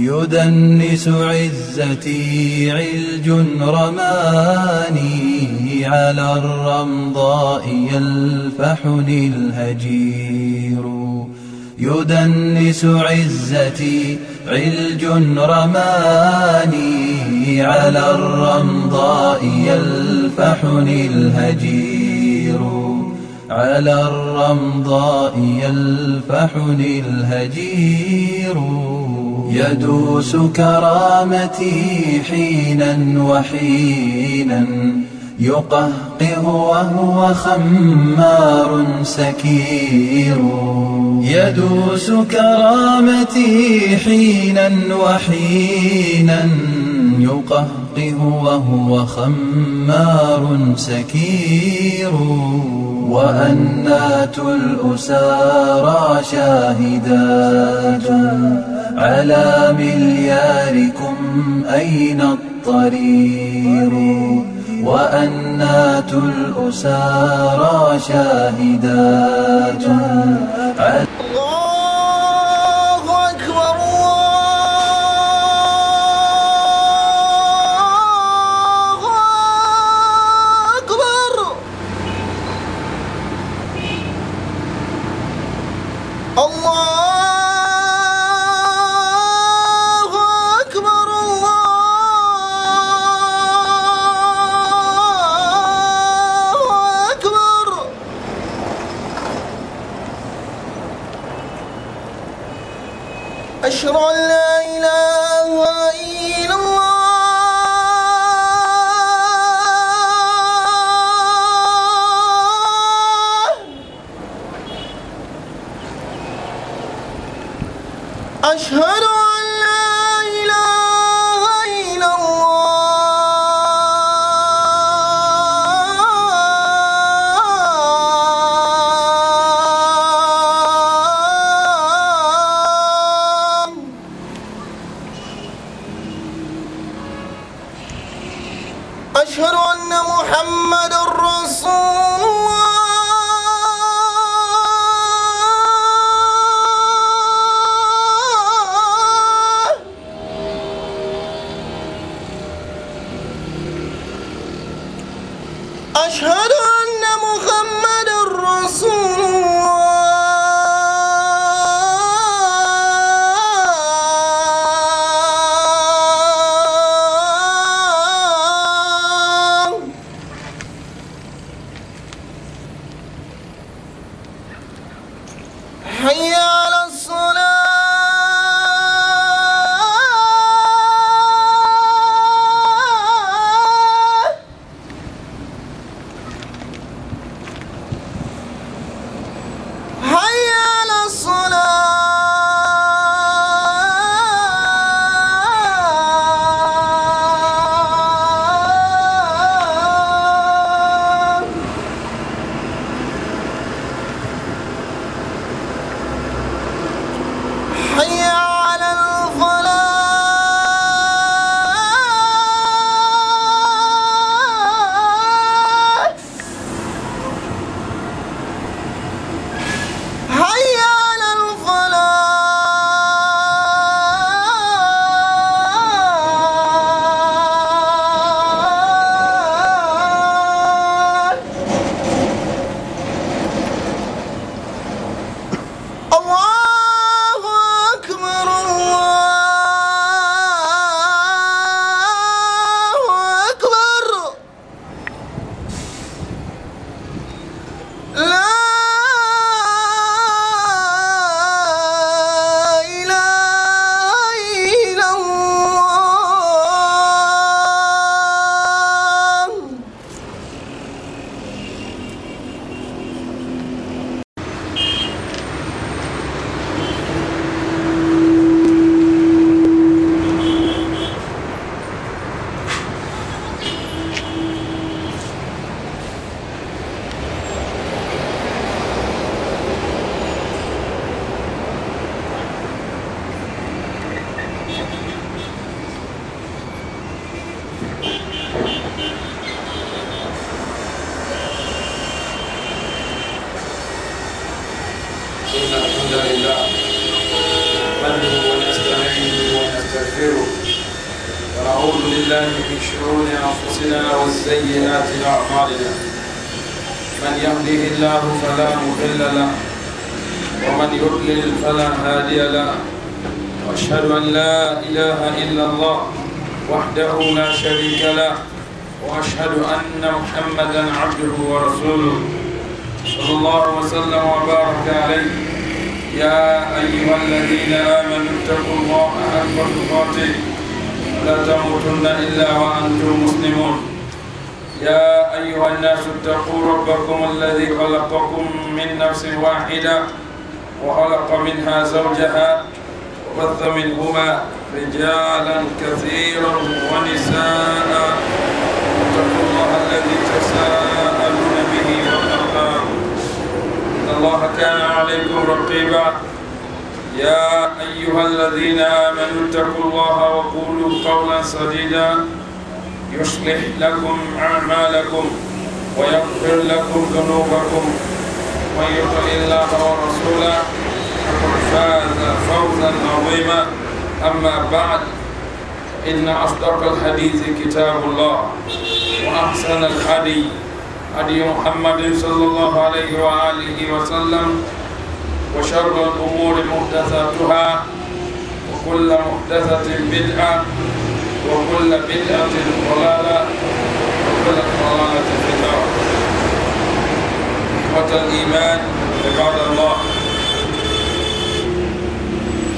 يدنس عزتي علج رماني على الرمضاء يلفحني الهجير يدنس عزتي علج رماني على الرمضاء يلفحني الهجير على الرمضاء يلفحني الهجير يدوس كرامتي حينا وحينا يقهقه وهو خمار سكير يدوس كرامتي حينا وحينا يقهقه وهو خمار سكير وأنات الأسارى شاهدات على ملياركم أين الطريق وأنات الأسارى شاهدات أشهد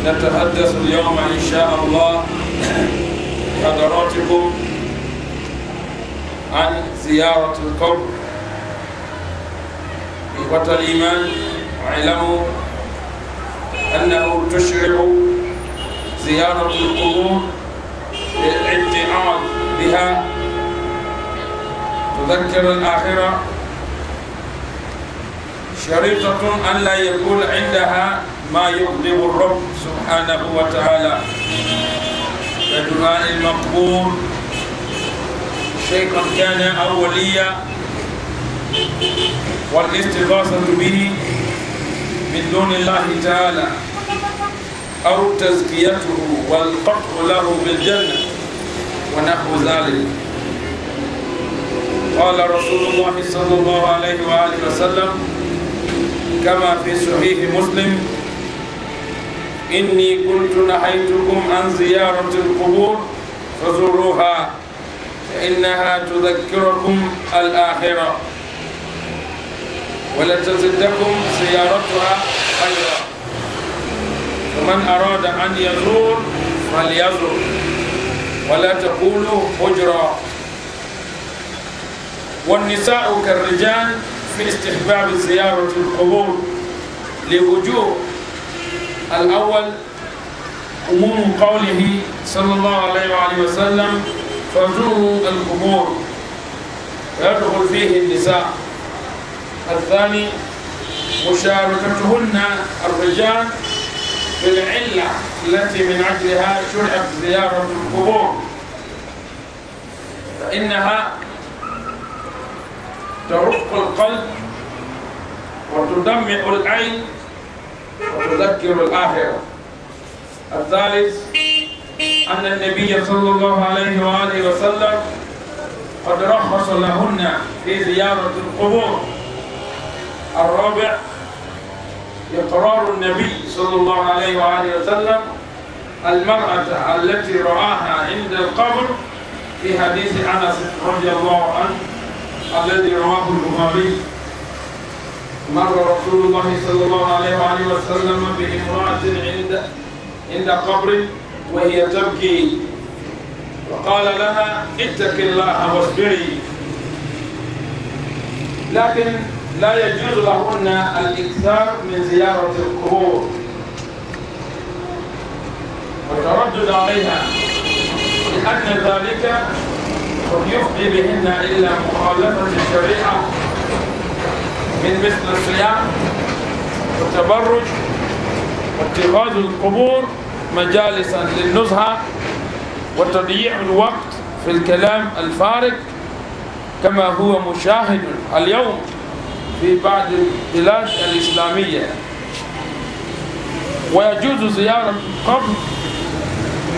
نتحدث اليوم إن شاء الله حضراتكم عن زيارة القبر إخوة الإيمان اعلموا أنه تشرع زيارة القبور للاعتناء بها تذكر الآخرة شريطة أن لا يكون عندها ما يغضب الرب سبحانه وتعالى كدعاء المقبول شيخا كان أو وليا والاستغاثة به من دون الله تعالى أو تزكيته والقطع له بالجنة ونحو ذلك قال رسول الله صلى الله عليه وآله وسلم كما في صحيح مسلم إني كنت نهيتكم عن زيارة القبور فزوروها فإنها تذكركم الآخرة ولتزدكم زيارتها خيرا فمن أراد أن يزور فليزر ولا تقولوا هجرا والنساء كالرجال في استحباب زيارة القبور لوجوه الأول عموم قوله صلى الله عليه وآله وسلم فزوروا القبور يدخل فيه النساء الثاني مشاركتهن الرجال بالعلة التي من أجلها شرعت زيارة القبور فإنها ترق القلب وتدمع العين وتذكر الآخرة الثالث أن النبي صلى الله عليه وآله وسلم قد رخص لهن في زيارة القبور الرابع إقرار النبي صلى الله عليه وآله وسلم المرأة التي رآها عند القبر في حديث أنس رضي الله عنه الذي رواه البخاري مر رسول الله صلى الله عليه وآله وسلم بامرأة عند عند قبر وهي تبكي وقال لها اتق الله واصبري لكن لا يجوز لهن الاكثار من زيارة القبور والتردد عليها لأن ذلك قد يفضي بهن إلا مخالفة الشريعة من مثل الصيام والتبرج واتخاذ القبور مجالسا للنزهة وتضييع الوقت في الكلام الفارغ كما هو مشاهد اليوم في بعض البلاد الإسلامية ويجوز زيارة قبر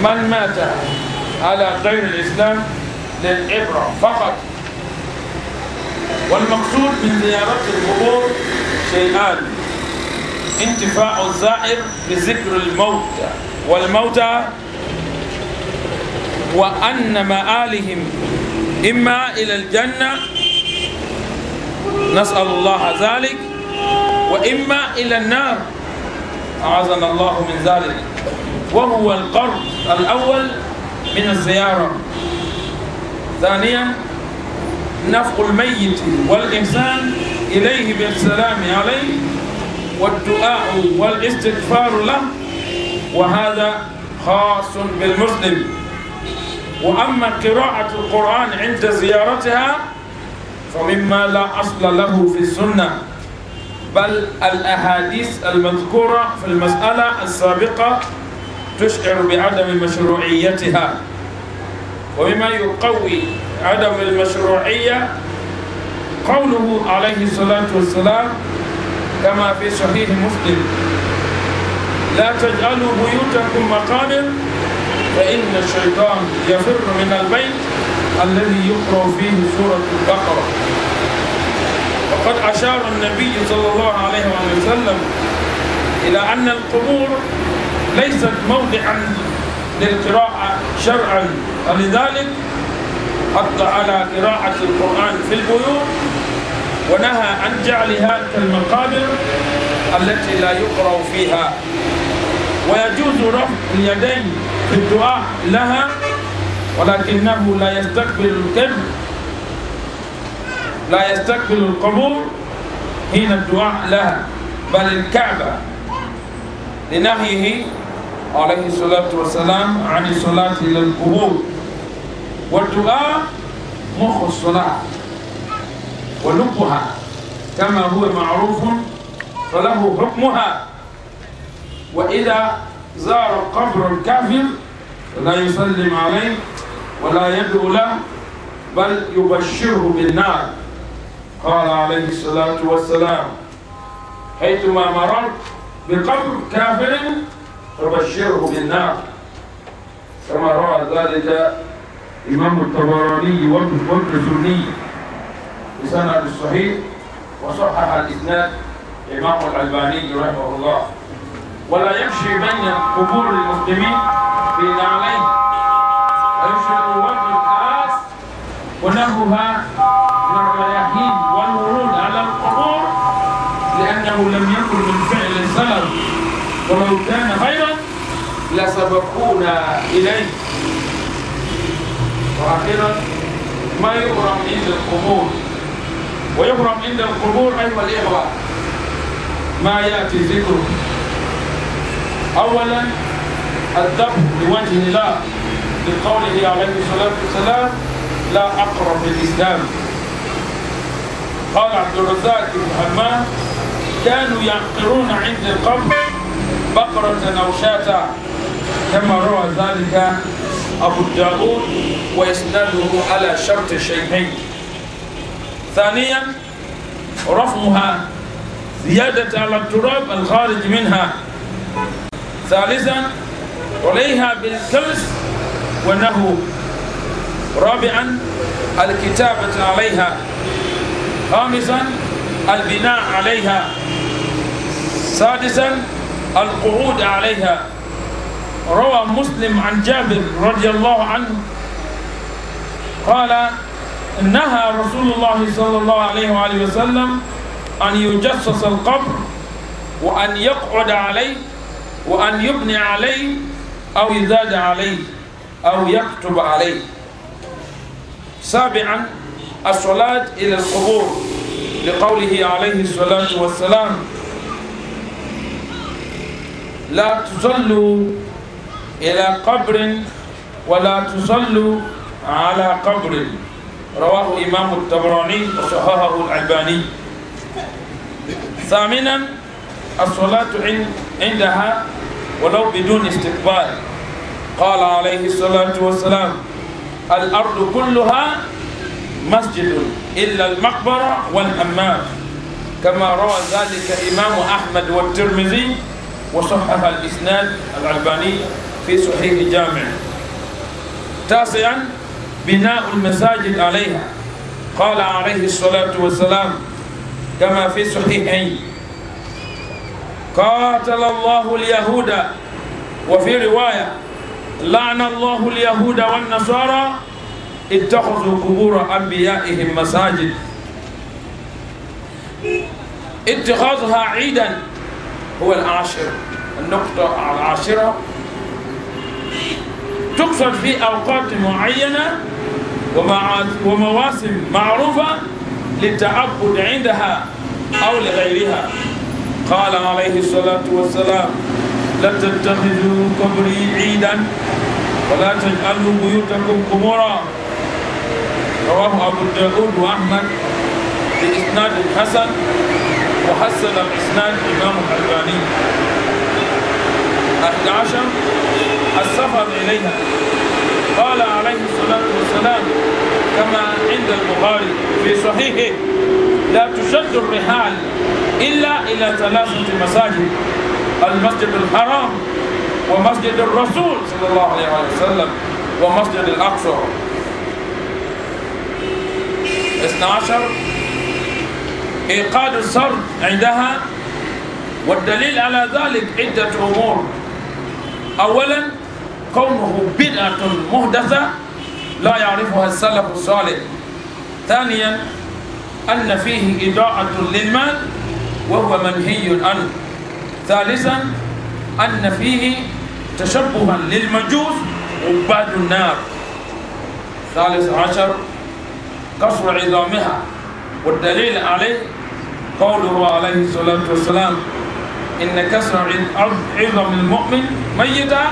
من مات على غير الإسلام للعبرة فقط والمقصود من زيارة القبور شيئان انتفاع الزائر بذكر الموتى والموتى وأن مآلهم إما إلى الجنة نسأل الله ذلك وإما إلى النار أعاذنا الله من ذلك وهو القرض الأول من الزيارة ثانيا نفق الميت والإحسان إليه بالسلام عليه والدعاء والاستغفار له وهذا خاص بالمسلم وأما قراءة القرآن عند زيارتها فمما لا أصل له في السنة بل الأحاديث المذكورة في المسألة السابقة تشعر بعدم مشروعيتها ومما يقوي عدم المشروعية قوله عليه الصلاة والسلام كما في صحيح مسلم لا تجعلوا بيوتكم مقابر فإن الشيطان يفر من البيت الذي يقرأ فيه سورة البقرة وقد أشار النبي صلى الله عليه وسلم إلى أن القبور ليست موضعا للقراءة شرعا ولذلك حط على قراءة القرآن في البيوت ونهى عن جعلها كالمقابر التي لا يقرأ فيها ويجوز رفع اليدين في الدعاء لها ولكنه لا يستقبل القبل لا يستقبل القبور حين الدعاء لها بل الكعبة لنهيه عليه الصلاة والسلام عن الصلاة إلى القبور والدعاء مخ الصلاة ولبها كما هو معروف فله حكمها وإذا زار قبر الكافر لا يسلم عليه ولا يدعو له بل يبشره بالنار قال عليه الصلاة والسلام حيثما مررت بقبر كافر فبشره بالنار كما روى ذلك إمام الطبراني في بسند الصحيح وصحح الإسناد إمام الألباني رحمه الله ولا يمشي بين قبور المسلمين في نعمين يتسببون إليه وأخيرا ما يبرم عند القبور ويبرم عند القبور أيها الإخوة ما يأتي ذكره أولا الذبح لوجه الله لقوله عليه الصلاة والسلام لا أقرب للإسلام قال عبد الرزاق بن حمام كانوا يعقرون عند القبر بقرة أو شاة كما روى ذلك أبو داود وإسناده على شرط الشيخين ثانيا رفعها زيادة على التراب الخارج منها ثالثا عليها بالكمس ونهو رابعا الكتابة عليها خامسا البناء عليها سادسا القعود عليها روى مسلم عن جابر رضي الله عنه قال نهى رسول الله صلى الله عليه وآله وسلم أن يجسس القبر وأن يقعد عليه وأن يبني عليه أو يزاد عليه أو يكتب عليه سابعا الصلاة إلى القبور لقوله عليه الصلاة والسلام لا تصلوا إلى قبر ولا تصلوا على قبر رواه إمام التبراني وصححه الألباني ثامنا الصلاة عندها ولو بدون استقبال قال عليه الصلاة والسلام الأرض كلها مسجد إلا المقبرة والحمام كما روى ذلك إمام أحمد والترمذي وصحح الإسناد الألباني في صحيح الجامع تاسعا بناء المساجد عليها قال عليه الصلاة والسلام كما في صحيحين قاتل الله اليهود وفي رواية لعن الله اليهود والنصارى اتخذوا قبور أنبيائهم مساجد اتخاذها عيدا هو العاشر النقطة العاشرة تقصد في أوقات معينة ومواسم معروفة للتعبد عندها أو لغيرها قال عليه الصلاة والسلام لا تتخذوا قبري عيدا ولا تجعلوا بيوتكم قبورا رواه أبو داود وأحمد بإسناد حسن وحسن الإسناد الإمام الألباني 11 السفر إليها قال عليه الصلاة والسلام كما عند البخاري في صحيحه لا تشد الرحال إلا إلى ثلاثة مساجد المسجد الحرام ومسجد الرسول صلى الله عليه وسلم ومسجد الأقصى 12 إيقاد الصرد عندها والدليل على ذلك عدة أمور أولا قومه بدعة مهدثة لا يعرفها السلف الصالح ثانيا أن فيه إضاعة للمال وهو منهي عنه ثالثا أن فيه تشبها للمجوس عباد النار ثالث عشر كسر عظامها والدليل عليه قوله عليه الصلاة والسلام إن كسر عظم المؤمن ميتا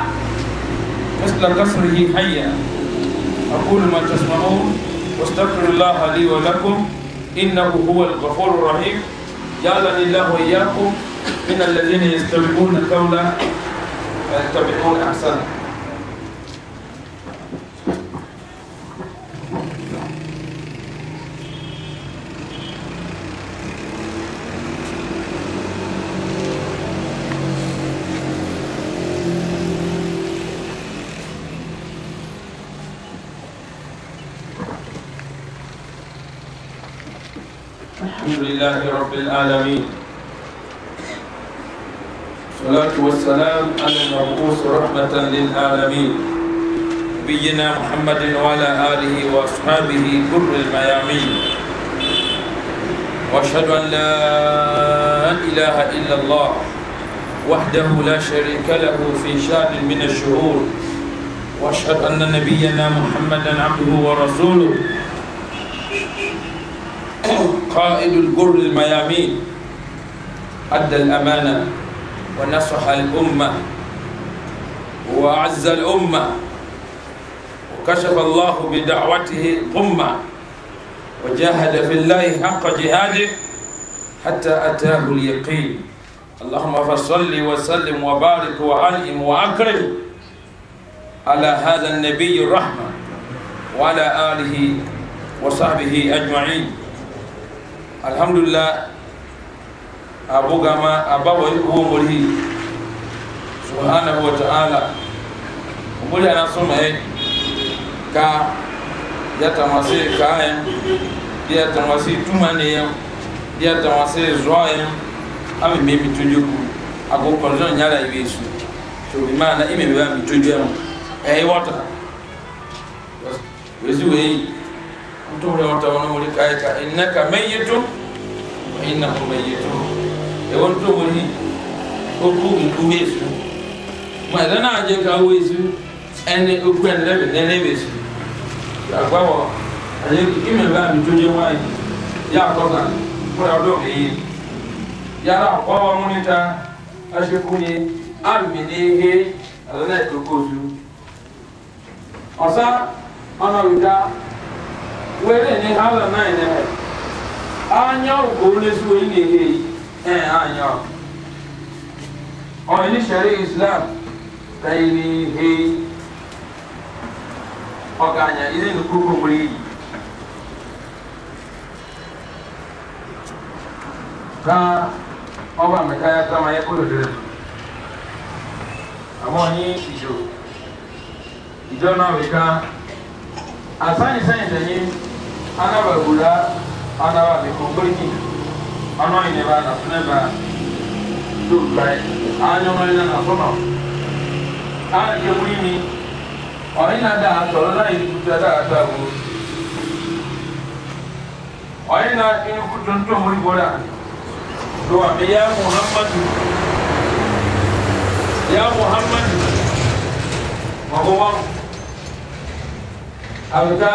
مثل قصره حيا أقول ما تسمعون واستغفر الله لي ولكم إنه هو الغفور الرحيم جعلني الله وإياكم من الذين يستمعون القول فيتبعون أحسنه لله رب العالمين والصلاة والسلام على المبعوث رحمة للعالمين نبينا محمد وعلى آله وأصحابه كر الميامين وأشهد أن لا إله إلا الله وحده لا شريك له في شان من الشهور وأشهد أن نبينا محمدا عبده ورسوله قائد الجر الميامين أدى الأمانة ونصح الأمة وأعز الأمة وكشف الله بدعوته الأمة وجاهد في الله حق جهاده حتى أتاه اليقين اللهم فصل وسلم وبارك وعلم وأكرم على هذا النبي الرحمة وعلى آله وصحبه أجمعين alhamdulillah abogama ababo wo mori subhanahu wa ta'ala mori ana suma e ka ya tamasi ka ya dia tamasi tumane ya dia tamasi zoa ya ami mimi tujuku ago konzo nyala yesu to bi mana ime ba mi tujuku e wata wezi wei kutuhule otawono muli kayika innaka mayitu wa innahum mayitun ewon to muli okum ma mwada naje ka wesu ene okwen lebe nene wesu agbawo aye kime ba mi toje wai ya kosa kura do yi yara kwawa munita ashekunye arminihe adana ikokozu ọsa nwere ne hawa na ne anya go ne su na ne he eh anya o ni shari islam kai ni he o ga anya ile ka o ba ya kaya ta ma ye ko de àwọn ní ìjọ ìjọ náà wíká àsáyìnsáyìn tẹ̀yìn ana ba gura ana ba mi ko gurki ana ine ba na fune ba du bai ana no ina na fono ana ke buri mi o ina da to na i da da da bu o na in ku don to muri bora do abiya muhammadu ya muhammadu wa huwa abuta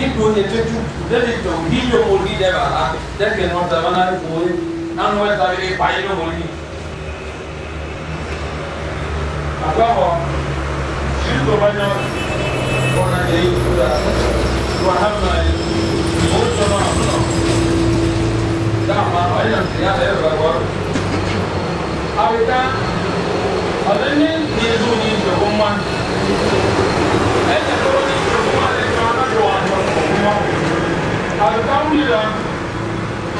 bito ne tetu de de to hillo moli de bara de ke no ta bana ko an wa ta be pai no moli apa ho shilto banya ko na ye sura wa hamma ko to ma da ma wa ya ya de ba ko awita Adenin yezu ni jogoman ba alƙawli da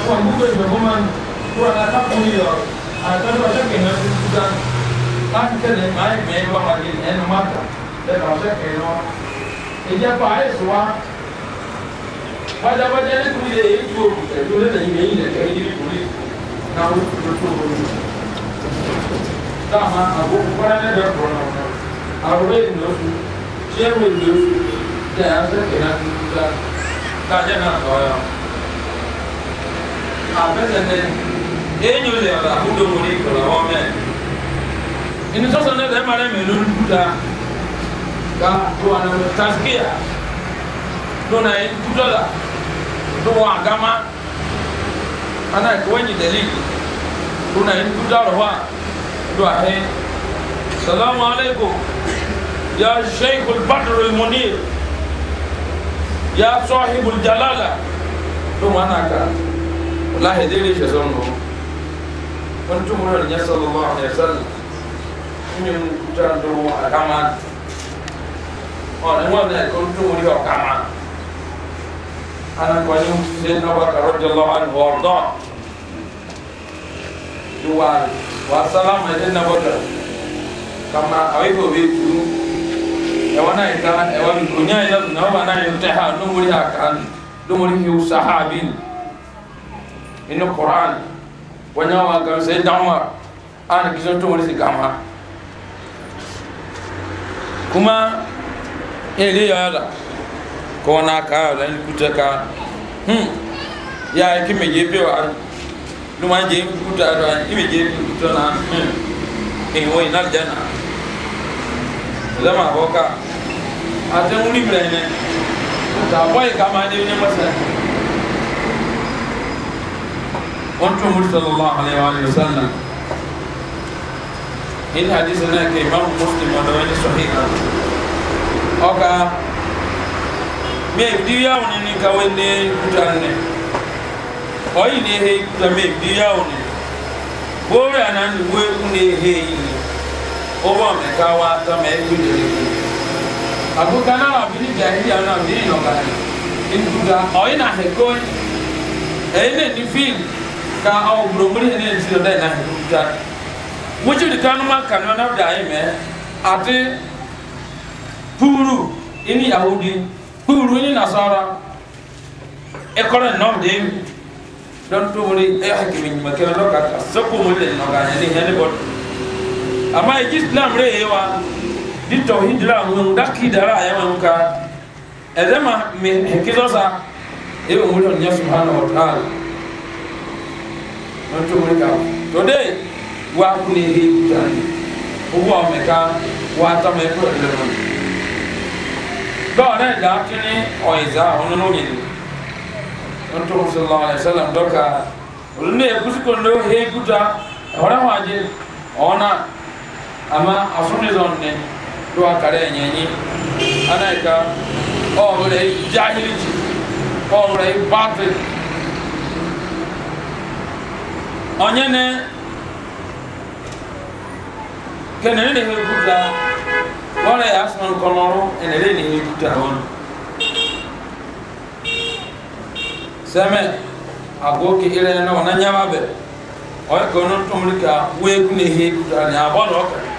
wannan bugun da kuma kuwa na kakuni da alƙawli da shakin na tuta ta fi kele mai mai ba ma gini ɗan mata da ka shakin na ìjẹ́ pa àìsàn wa pátápátá ní kúrò ilé yìí tó ẹ̀dùn lẹ́nà yìí lẹ́yìn lẹ́kẹ́ yìí kúrò náà ó tó tó wọlé dáhà àbúkú kọ́lá lẹ́dọ̀ kọ́ náà àrùbẹ́ ìnáwó ṣé wọ́n ìnáwó dẹ̀ ẹ́ sẹ́kẹ̀ẹ́ náà tó tó dáa dájẹ́ náà lọ́yọ̀ àbẹ́sẹ̀tẹ̀ èèyàn lè ọ̀dà kúndò mú ní ìkọ̀lọ̀ wọn mẹ́ inú sọ́sọ́ náà lẹ́ẹ̀ máa rẹ̀ lódúdà ga tó wà nínú taskia lónà yìí dúdọ́là tó wọ àgámá ana ìkọ́wẹ́yìn dẹ̀lí ya sheikh al munir ya sahibul jalala ɗum anaka wallahi dere je son no on tumurol ña sallallahu alayhi wa sallam ñum tan do a kama on oh, en wonde kon tumuri o kama anan ko ñum seydna abubakar radiallahu anhu wa arda duwal wa salam seydna abubakar kama awi ko ɓe tunu ɛwɔ na yɛka ɛwɔ no onya yɛ na ɔba na yɛ tɛ ha nomori eh, aka no nomori hew sahabin ɛne koran wɔnya wa ka sɛ dama a na kisɛ tomori si gama kuma ɛde yɛ ɔda kɔɔ na aka ɔda ne kuta ka hmm ya a yɛ kɛ mɛ yɛ bi wa numa je kuta do ibe je kuta na hmm. eh wo ina jana zama boka ate ŋuni bila ne ta boy kama ne ne masa on to mu sallallahu alaihi wa sallam in na ke imam me ka wende kutanne oyi na he kutame bi ya woni bo na nan we ne agogo na wa biri jahili na biri nɔgɔya ntuga ɔyi na hekoi ɛyi na ni fil ka awo buromori hɛ ne ti dɔ na hekuta wotsi di kan ma na da ayi mɛ ati puuru ini yahudi puuru ini nasara ekɔlɔ nɔm de dɔn tumuri ɛyɛ hakimi ɲuman kɛnɛ dɔ ka seko mu de nɔgɔya ni hɛ bɔ ama eki silam ye wa. di tawhid la mun da ya mun ka edema mi hikizo sa e wo mun nya subhanahu wa ta'ala non to today wa ku ne ri tan owo me ka wa ta me ko le mun do re da ki o iza onu no ni non to sallallahu alaihi wasallam do ka ama asuni do a kare nyenyi ana ka o re jahili ji o re bate onye ne kene ne he buda wala ya asman koloro ene ne ne he buda won seme agoke ile na wana nyama be o ko non tumrika we ku ne he buda ni abodo ka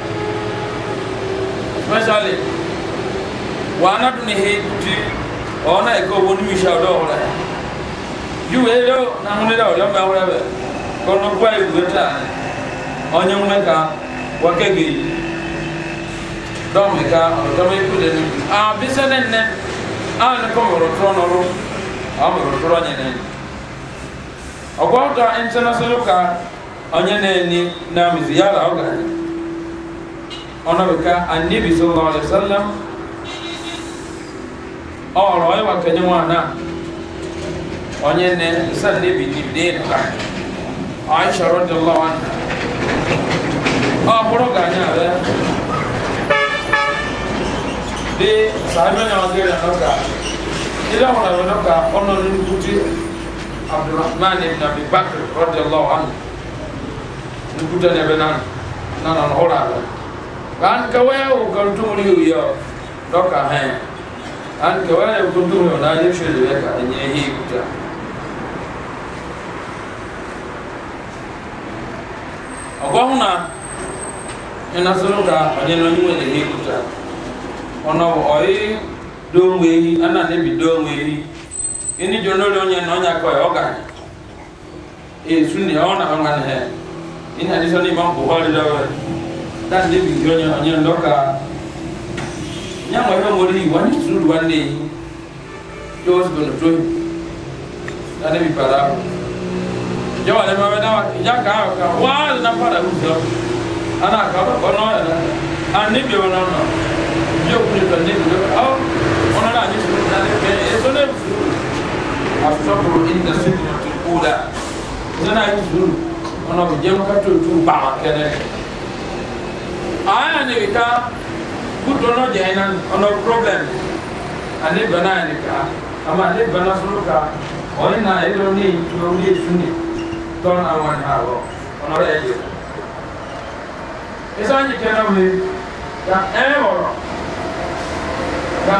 especially wana duni hiti ona iko woni mi sha do ora yu ero na hunde da ora ba ora be ko no kwa yu onye mweka wakege dɔmika ne nye ne ka international ka onye na na mizi yala ɔga ọ̀nàbìkà àníbi sọ́lọ́ ọ̀lẹ́sọ́lẹ́m ọ̀rọ̀ ọ̀yẹ́wà kẹnyẹ́ wọn náà onye na sannebi nibde ka aisha radiyallahu anha ọ bụrụ ga anyị abịa dị sahibe na ọgịrị n'ụka ilé ọ̀hún àwọn ọ̀nàkà ọ̀nà nínú tí abdulrahman ibn abi bakr radiyallahu anhu nukuta nebe nanu kan kawe o kantu yo doka he na ni shi le ka ni hi kuta na ina suruga onye no ni wele hi kuta ono oi do nwe ana ne bi do nwe ini jono le onye no ya ko e oga na ọ na ona he ina ma dan ne bi gyo nyono nyen doka nyamo yo mori wani tulu wande yo so no toy dan bi para yo ale ma wena ya ka ka wa na para u so ana ka ba kono ya na an ne bi wono no yo ku ni tan ne bi aw ono na ni tulu na ne be e so ne asabru inda sidratul ula zana yi tulu ono bi jemu ka tulu ba ma kene aya ne bi ka kutu ɔnɔ jɛn na problem Ane bana yɛ ne ka ama ale bana sɔrɔ ka ɔye na ele ne yi tu ɔwuli esu ne tɔn awon awɔ ɔnɔ yɛ yɛ esan yi kɛnɛ mi ka ɛn wɔrɔ ka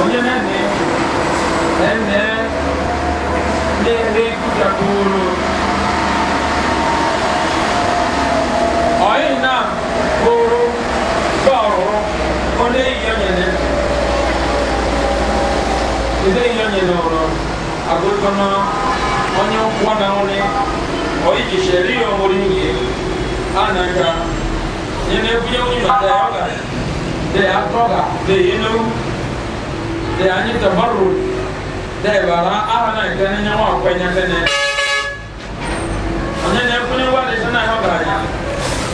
ɔnye ne ne ɛnɛ ne ne kuta kooro na goro goro one yonye ne ide yonye ne oro agogo na onye nkwọ na one oyi ji sheri ya omori nye ana nka nye na ebunye nwunye da ya ọga da ya atọga da ya enowu da ya anyị tabaru da ya bara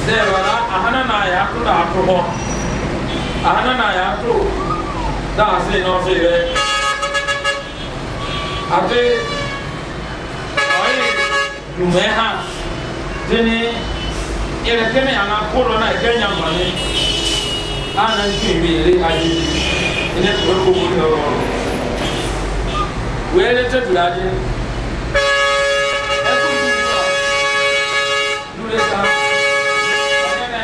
zewara ahana na ya to da to ho ahana na ya to da se no se re ate oye numeha tene ere kene ana koro na kenya mani ana nti mi ere aji ene to ko mo ro wele te dulaje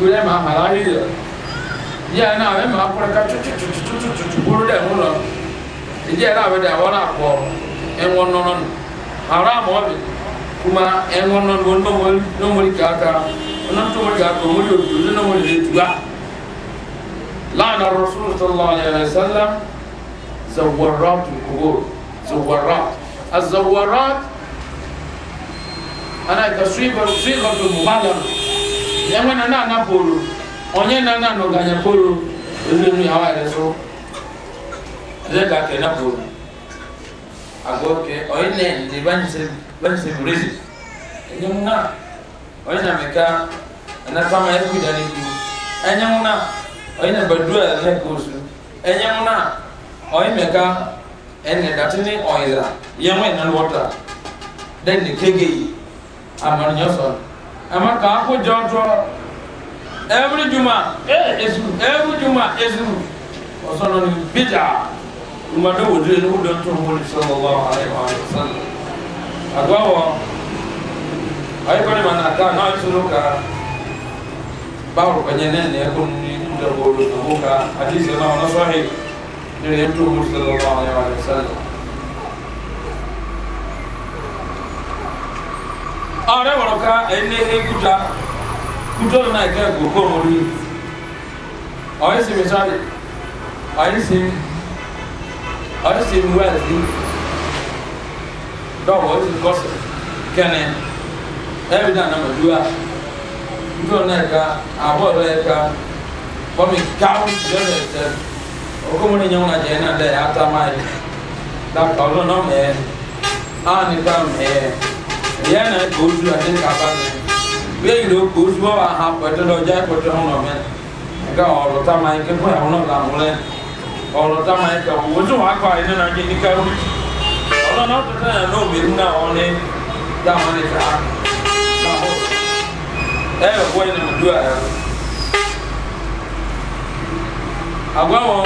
dúró ma hàrá rí rẹ yíyá yẹn náà mẹ́màá kúrẹ́ ká tutututututu kúrú dẹ̀ mú lọ ìdí yẹn náà bẹ dẹ̀ wọ́n náà kọ́ ẹ̀wọ̀n nọ́nọ́ nù hàrá mọ́ mi kuma ẹ̀wọ̀n nọ́nọ́ wọn ní wọ́n ní kàkà wọn ní wọ́n ní kàkà wọn ní òdòdó ní wọ́n ní tuba láàánú rasulù sallallahu alayhi wa sallam zawarat kubur zawarat azawarat ana ka suyi ba suyi ka tó mu bá yẹmẹ nana ana polo ɔnyɛ nana anɔganya polo ɛdini awa yɛrɛ so ɛdɛ ga kɛ na polo agbɔ kɛ ɔyɛ nɛ ɛdɛ banyisɛ banyisɛ brezi ɛnyɛmu na ɔyɛ na mɛka ɛna fama yɛ kuda ne ku ɛnyɛmu na ɔyɛ na badua ɛlɛ koosu ɛnyɛmu na ɔyɛ mɛka ɛnɛ dati ne ɔyɛra yɛmɛ nanu wɔta dɛ ne kege yi amanu ama kaa ko jɔɔtɔ every juma ee every juma esu o sɔnna ni bija tuma dɔ wòle ni o dɔn tó wòle sallallahu alayhi wa sallam a gba wɔ a yi kɔni ma na taa n'a sɔrɔ ka baaru ka ɲɛ ne nɛɛ ko ni n tɛ wolo ka ko ka a ti sɛ o na sɔhi ne yɛrɛ tó wòle sallallahu alayhi wa sallam. ọrẹ wọrọ ka na ekuta kuto na ike koko mori ọyẹ si misali ọyẹ si ọyẹ si bụ dọwọ ọyẹ si kọsi na anam ẹdua na ẹka abọ ọdọ ẹka ọrụ gawo lọrọ mori na ata maa ọrụ mee, a yɛ na kò su ɛdi ka ba mɛ bẹ́ẹ̀ ló kò su wọn ha pɛtɛ dɔ jɛ pɛtɛ hɔn mɛ nga ɔrɔ ta ma yi kɛ kóyà hɔn la mɔlɛ ɔrɔ ta ma yi kɛ wò tó wà kó ayi nana jɛ ní ká wuli ɔlɔ náà tó tẹ̀lé náà mi nà ɔni dá wọn ni ká ká hó ɛ yɛ kó yi nà du ayɛ agbawo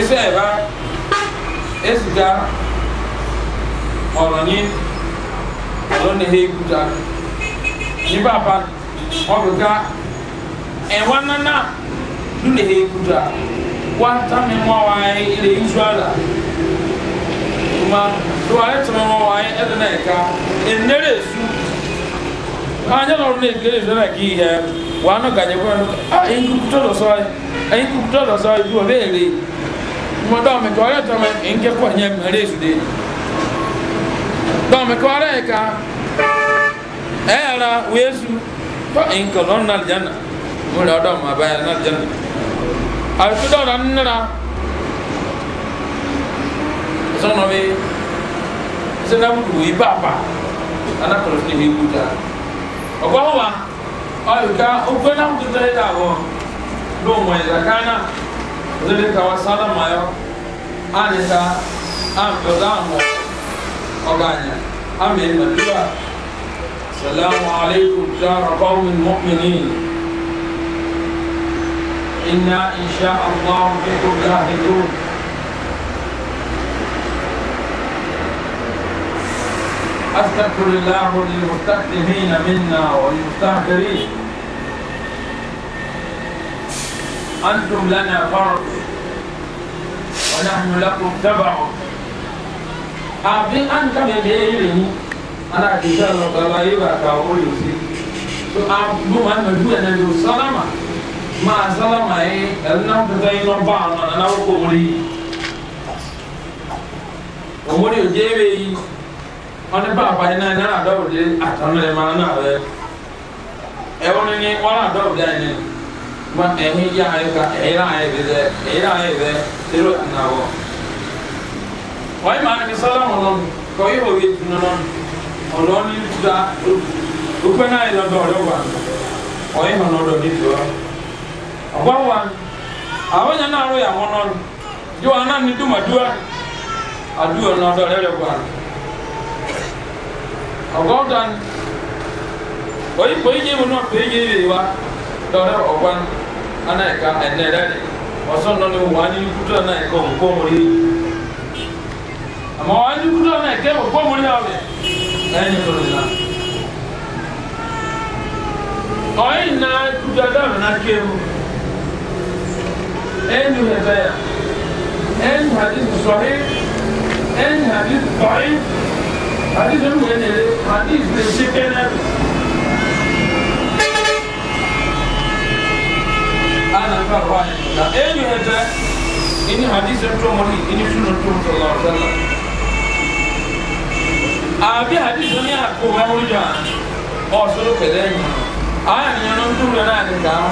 isɛ yɛ ba esika ɔrɔ nyi. ọlọ́ni ha ekuta nipa apa ɔbɛka ɛwa nana do ne ha ekuta wata me mma wae ɛna yusu ala kuma do ayɛ tɛmɛ na ɛka ɛnere esu anya na ekele esu na a wɔ le mi ka ɔyɛ tɛmɛ nkɛ kɔ mɛre esu de. mekɔrɛ ka ɛyara weesu tɔ inkɔlɔ nalijana mo lɛ ɔdɔ ma ba yɛrɛ nalijana a bɛ to dɔw la nnira sɔgɔnɔ bɛ sɛnɛbu dugu i baaba ana kɔlɔsi ne b'i kuta o ko wa ɔ o gbɛ n'a kutu tɛ k'a bɔ n'o mɔ yɛrɛ kan na o de bɛ kawa sálà ma yɔ an de ta an bɛ o da حمد كده السلام عليكم شهر قوم المؤمنين إنا إن شاء الله بكم لاهدون أستغفر الله للمستقدمين منا والمستهترين أنتم لنا فرض ونحن لكم تبع abin an kame da ya yi lemu ana ke shan rokala yi ba ka wuri si so abu ma na duya na do salama ma salama yi na ta zai na ba na na ko muri o muri o je be yi wani ba ba ina na na dawo de atanu le ma na re e woni ni wala dawo de ni ma ehi ya ayi ka ehi wọ́n yìí máa ní sọ́lá wọn lọ́nù kọ́ yìí òwe ìdùnnú lọ́nù ọ̀lọ́ ní ìtura òpé náà yìí lọ́dọ̀ ọ̀dọ̀ wà wọ́n yìí hàn ọ̀dọ̀ nídìí wa. ọ̀gbọ́n wa àwọn yẹn náà ròyìn àwọn nọ́ọ̀nù yóò wọn náà ní dùmọ̀dúwà àdúrà náà ọ̀dọ̀ rẹ̀ wà. ọ̀gbọ́n dan oyin kò yíyé mu náà péye rè wa dọ̀rẹ́ ọ̀gbọ́n anáyẹ̀ká ẹ̀nẹ́rẹ́ ọ̀sán náà ni wọ́n á àmọ́ wọn ní kúndọ̀ náà kẹ́ wọ́n gbọ́mọ ní ọ̀rẹ́ ẹni tó lè la. ọ̀yìn náà kúndọ̀ dáhùn náà kẹ́ o ẹni rẹ̀ bẹ́yà ẹni hadith sọ̀rí ẹni hadith kọ̀rí hadith ẹni ini hadith ɛntɔ mɔri ini sunu tó sɔlɔ sɔlɔ àbí àdìsí ní àpò ẹwùjọ ọ̀ṣọ́rọ̀ kẹlẹ́ yìí àwọn ènìyàn ló ń dúró lọ náà nìkan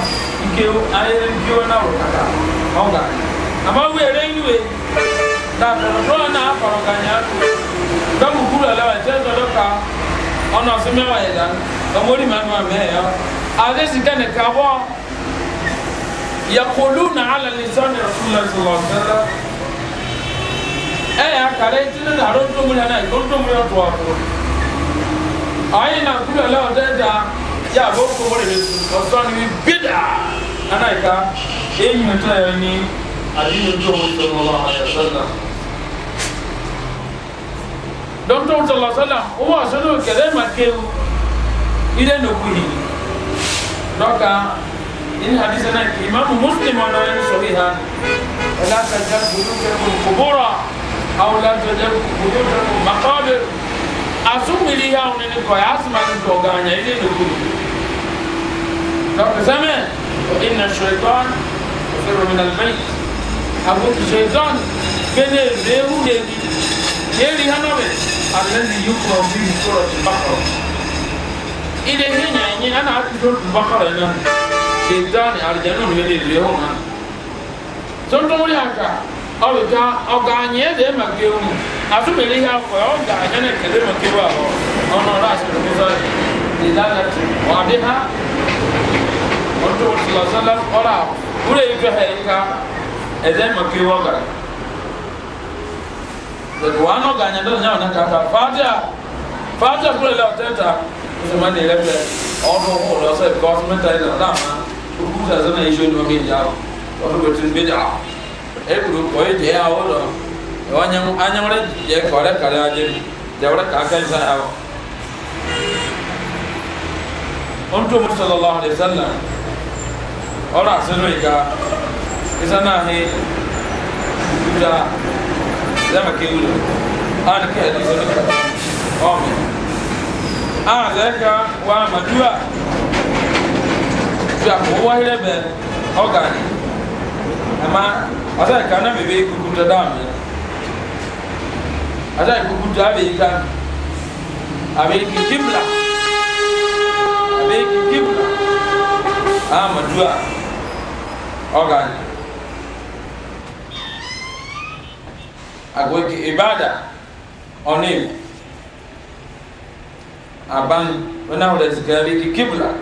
ike ayẹyẹ ń bí wọn náà wò kàkà ọ̀gá àmọ́ wíwèrè ń wè dàtọ̀ lọ́wọ́ náà kọ̀rọ̀ kànyà tó dọ́kù kúrò lọ́wọ́ ẹ̀jẹ̀ lọ́dọ̀ ká ọ̀nà ọ̀sẹ̀ mẹ́wàá yẹn dá ọmọdé máa ń wà mẹ́ẹ̀yọ́ àdìsí kẹ́nìkan wọ́ yẹ kọlu náà alẹ́ ní sọ́ni lọ́sọ̀lọ́sọ̀lọ́ ɛyà kàlẹ tìlẹ nà ló ń tó múlẹ náà ló ń tó múlẹ ọtọ ọtọ ayi na kúlẹ lẹ ọdẹ da yà bó kó wọlé lé tu ọtọ ni bí da ana yi ka eyín mi tó yẹ ni àdínú tó wọn tó wọn wà àyàsọlá dɔnto sɔlɔsɔlɔ o wa sɔlɔ kɛlɛ ma kewu i de nuku yi dɔka in hadisa na imamu muslim ɔnɔ ye sɔli ha ɛlɛ a ka ja duuru aw la tajal buyutakum maqabir asumili yaw ne ko asma ni ko ganya ile ne ko donc zame inna shaytan yafiru min al-bayt abu shaytan bene behu de ni yeli hanobe alladhi yukra fi surati al-baqara ile hinya ni ana atul baqara na shaytan arjanun yeli behu na tontomuri aka ọlùjá ọgá anyi ẹdẹ ẹ màgbé ohun àtúbẹ̀lẹ̀ yà fọ ẹ ọgá anyi ẹnẹ kẹlẹ màgbé wà ọ ọnà ọlọ àṣírí nígbà ìlànà tì wà dé ha ọdún òtìlọsọlá ọlà wúlò yìí fẹhẹ yìí ká ẹdẹ màgbé wà gà wà nọ gà anyi ẹdẹ ọnyà ọ̀nà kàkà fàájà fàájà kúlẹ̀ lọ tẹ́tà ọsùnmọ́ ní ẹlẹ́fẹ̀ ọdún òkúlọ̀ ọsẹ̀ bíkọ́ ọsùnmọ́ tẹ́lẹ̀ ọ̀dà àmà òkú eburu ko e je awo do e wa nyang anyang re je ko re kala je de wa ka ka awo onto mu sallallahu alaihi wasallam ora sero ika isana he da zama ke ulo an ke di so ka amen a zeka wa madua ya ko wa hire be ogani ama asa ka na mebe kukuta dami asa kukuta abe ka abe ki kibla abe ki kibla ama dua ogan agwe ki ibada onim aban wana hoda zikari ki kibla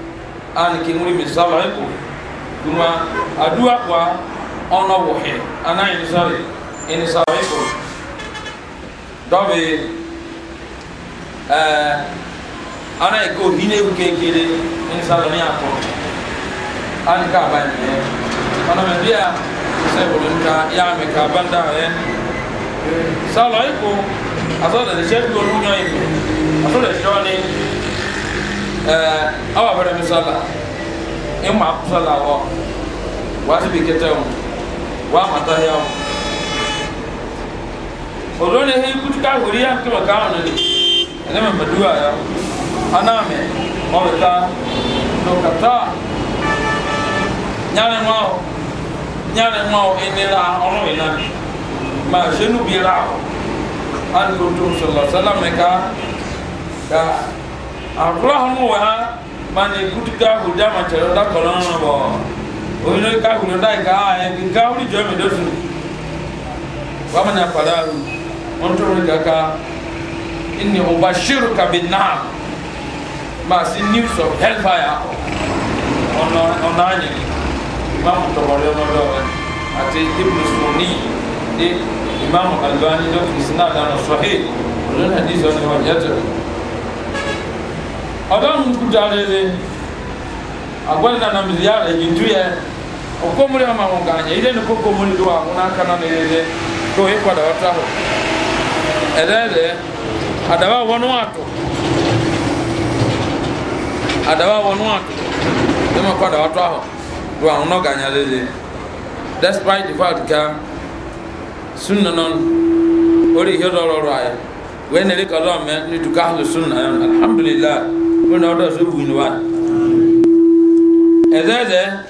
an ki nguri misala iko kuma adua kwa ɔnɔ wɔhɛ ana inisari inisari ko dɔbi ɛɛ ana yi ko hinɛ bu kekele inisari ni akɔ ani ka ba ni yɛ ɔnɔ mɛ bia sɛ wolo nka yaami ka ba da yɛ salɔ yi ko asɔ de sɛ ko nu nyɔ yi ko asɔ de sɛ ɔni e, ɛɛ awa bɛrɛ mi sala emu akusala wɔ waati bi kɛtɛ o wa mata ya o odo ne he kutu ka hori ya to ka ona ni ene ma madua ya ana me o ta do kata nyane ma o nyane ma o ene la ono ina ma jenu bi la o an kuntum sallallahu alaihi wasallam ka ka arlahu wa man kutu ka hori ya ma tero da kolon bo oyinlo ka wuli da ka a ye nka wuli jɔ mi do tun wa mana fara ru wọn tó wuli ka ka inni o ba shiru ka bi naa maa si news of hellfire ọ̀nà ọ̀nà ànyìn imaamu tɔbɔlɛ lɔlɔ àti ibnu sunni ní imaamu alibani lọ́tù ìsiná àdánù sọ́hé olóńtà ní sọ́ni wọ́n jẹ́ tó ọ̀dọ́ nùkú dáre lé agwal na e, na miliya da gintu ya ko muri ma mun ga ne idan ko ko mun duwa mun aka na ne ne ko e kwa da wata ho edele adawa wonu ato adawa wonu ato de ma kwa da wata ho duwa mun ga nya le despite the fact ka sunna non ori hiyo ro aye wene le ka do me ni duka sunna alhamdulillah mun na do so bu ni wa ɛzɛzɛ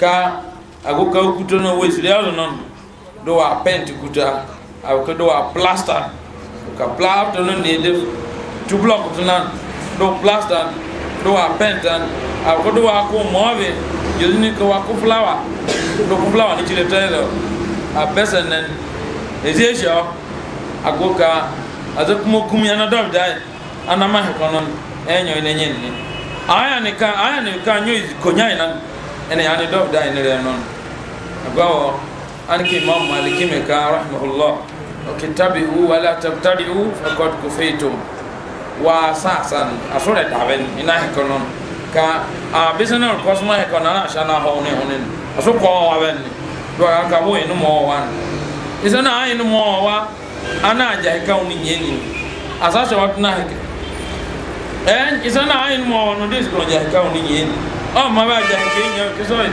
ka agoka kuto no wo esiri alo no do wa paint kuta agoka do wa plaster ka plaster no ne de two block to na do plaster do wa paint an agoka do wa ko move yeli ni ko wa ko flower do ko flower ni chile tele a person nen ezesho agoka azakumo kumya na dawdai anama hekonon enyo nenyenni aya ni ka aya ni ka nyo konya ina ene ani do da ina re non agawo an ki imam maliki me ka rahimahullah kitabi hu wala tabtadi hu faqad kufaytum wa sasan asore daven ina he konon ka a bisana ko suma he konon asha na ho ne honen aso ko wa ben do ka ka wo inu mo wa isana inu mo wa ana ja ka uni nyeni asa so wa na he ɛn eh, isana ayin mu ɔwɔ no dis kɔn jahika wɔn yie ni ɔn ma bɛ jahika yi nyɛ kisɔ yi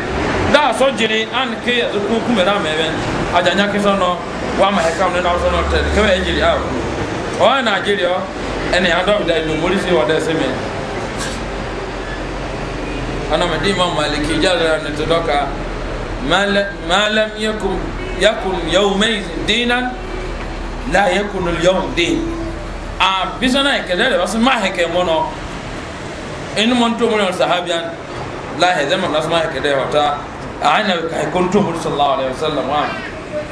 daa sɔ jiri an ke kun kunbɛ na mɛ bɛn ajanya kisɔ nɔ wa ma hɛka wɔn na sɔ nɔ tɛ kɛmɛ yɛ jiri awo ɔn na jiri ɔ ɛnɛ adɔ bi da yi nomori si wɔ dɛsɛ mɛ anamɛ di ma maliki jalera ne te dɔ ka maalam yakun yakun yawumɛ diinan la yakun yawum diin a bisana kɛlɛ de wasu ma hɛkɛ mɔnɔ inu mɔn to mɔnɔ sahabiyan la hɛzɛ mɔn nasu ma hɛkɛ dɛ wata a ayi na ka hɛkɛ to mɔnɔ sallallahu alaihi wasallam wa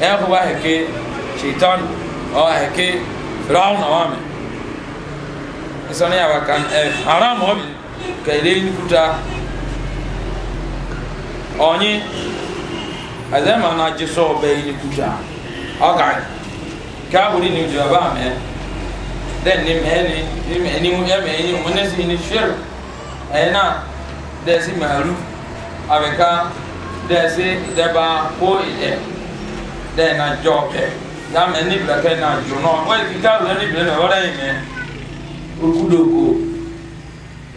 ya ko wa hɛkɛ shaitan wa hɛkɛ firawuna wa mɛ isana ya wa kan ɛ eh, haram wa bi ka ile ni kuta ɔnyi hɛzɛ na jisɔ bɛyi ni kuta ɔkan kaaburi ni jɔba mɛ then nim heni nim heni mu yame heni mu ne si ni shir ena de si maru abeka de si deba ko ile de na joke ya me ni blake na juno wa ki ka lo ni blake wa re me urudoko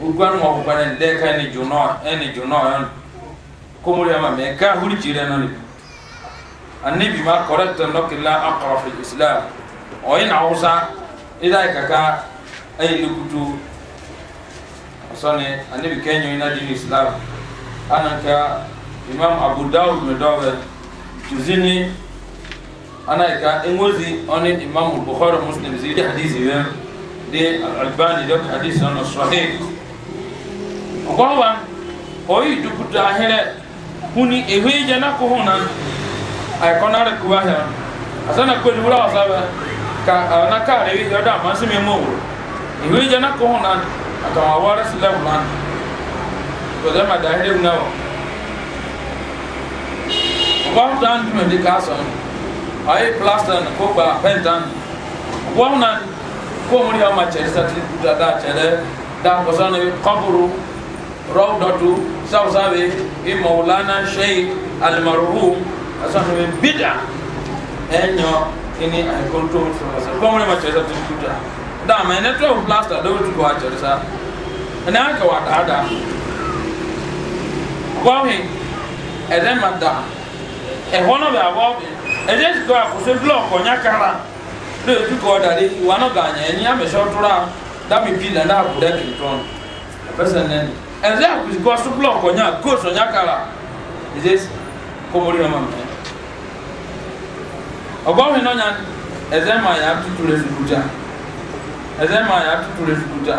urugwan wa ko ne de ka ni juno eni juno yon ko mo yama me ka huri jire na ni annabi ma correct no kila aqra fi islam o ina ida kaka ayi lukutu asane anabi kenyo ina dini islam anaka imam abu daud medobe juzini anaka engozi oni imam bukhari muslim zidi hadithi ya de al-albani dok hadith ana sahih ngoba oyi dukuta hele huni ewe jana ko hona ay konare kuwa asana ko dubula wasaba ka uh, na ka re wi da ma se me mo wo iwe je na ko na aka wa wara sila na ko da ma da hire na wo wa ta ni me de ka so ai plaster na ko ba pentan wa na ko mo ya ma chere sa ti da da chere da ko sa na qabru rawdatu sawsawi i maulana shaykh al marhum asanu bid'a enyo ini i control it for myself kɔn wɛrɛ ma kyerɛ sɛ tuntun ta daa mɛ ne tɔ plaster dɔw tu kɔ a kyerɛ sa ɛnɛ an kɛ wa daa daa bɔhi ɛdɛ ma daa ɛhɔ no bɛ a bɔhi ɛdɛ ti kɔ a kɔsɛ blɔk kɔnya kara dɔw tu kɔ da de wa no gaa nyɛ ɛni amɛ sɛ ɔtura dami bi na na akudɛ kintɔn ɛfɛsɛ nɛni ɛdɛ akusi blɔk kɔnya gosi kɔnya kara ɛdɛ kɔmori hɛ ɔgɔhwe no nya ɛzɛ ma yɛ atutu le sukudza ɛzɛ ma yɛ atutu le sukudza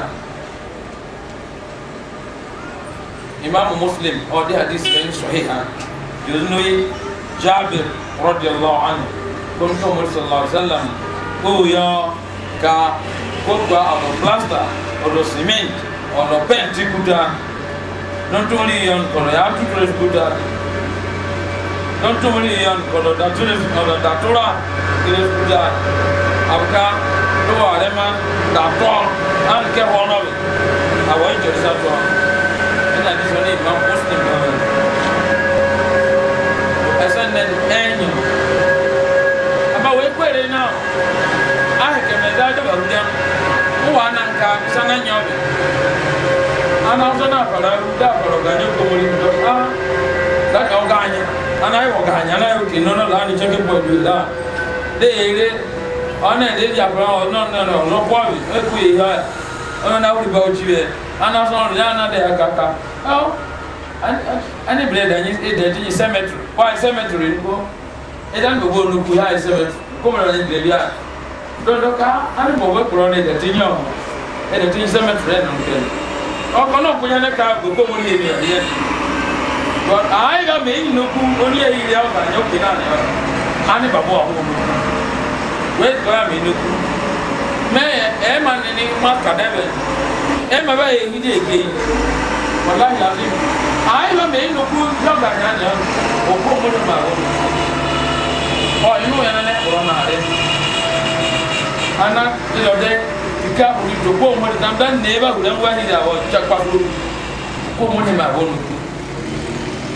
imam muslim ɔde hadisi ɛni sɔhi ha yozunu Jabir jaabir rɔdiyallahu anhu kɔntu omori sallallahu alaihi wa sallam kóòyɔ ka kóògba ɔdɔ plasta ɔdɔ simenti ɔdɔ pɛnti kuta nontori yɔn kɔlɔ yɛ atutu le sukudza don tumuri yon kodo da turis kodo da tura iris kuda abuka tuwa rema da tol an ke hono bi awo yi jori sato ina ni so ni imam muslim ma esen nen enyi aba we kwere na ahe keme da da ba rudan uwa nan ka sanan yobi ana so na fara da fara ganyo komuri anai wa ka nyana yu kino no la ni cheke bo bi la de ya bra no no na uri ba uchi be ana so no ya na de ya kaka oh ani bre da ni e de ti cemetery kwa cemetery ni ka ayi ka mɛ i nuku olu ye yiri aw kan y'o kiri ani yɔrɔ ani babu awo olu o ye tɔya mɛ i nuku mɛ ɛ ma nini ma ka dɛ bɛ ɛ ma bɛ ye yiri ye gɛyi wala yali ayi ka mɛ i nuku y'aw kan y'ani yɔrɔ o ko mo ni ma o ɔ inú yɛrɛ ne kɔrɔ na dɛ ana lɔ dɛ ika olu do ko mo ni tam ta ne ba wuli an wa ni da awɔ cakpa bolo ko mo ni ma o nu.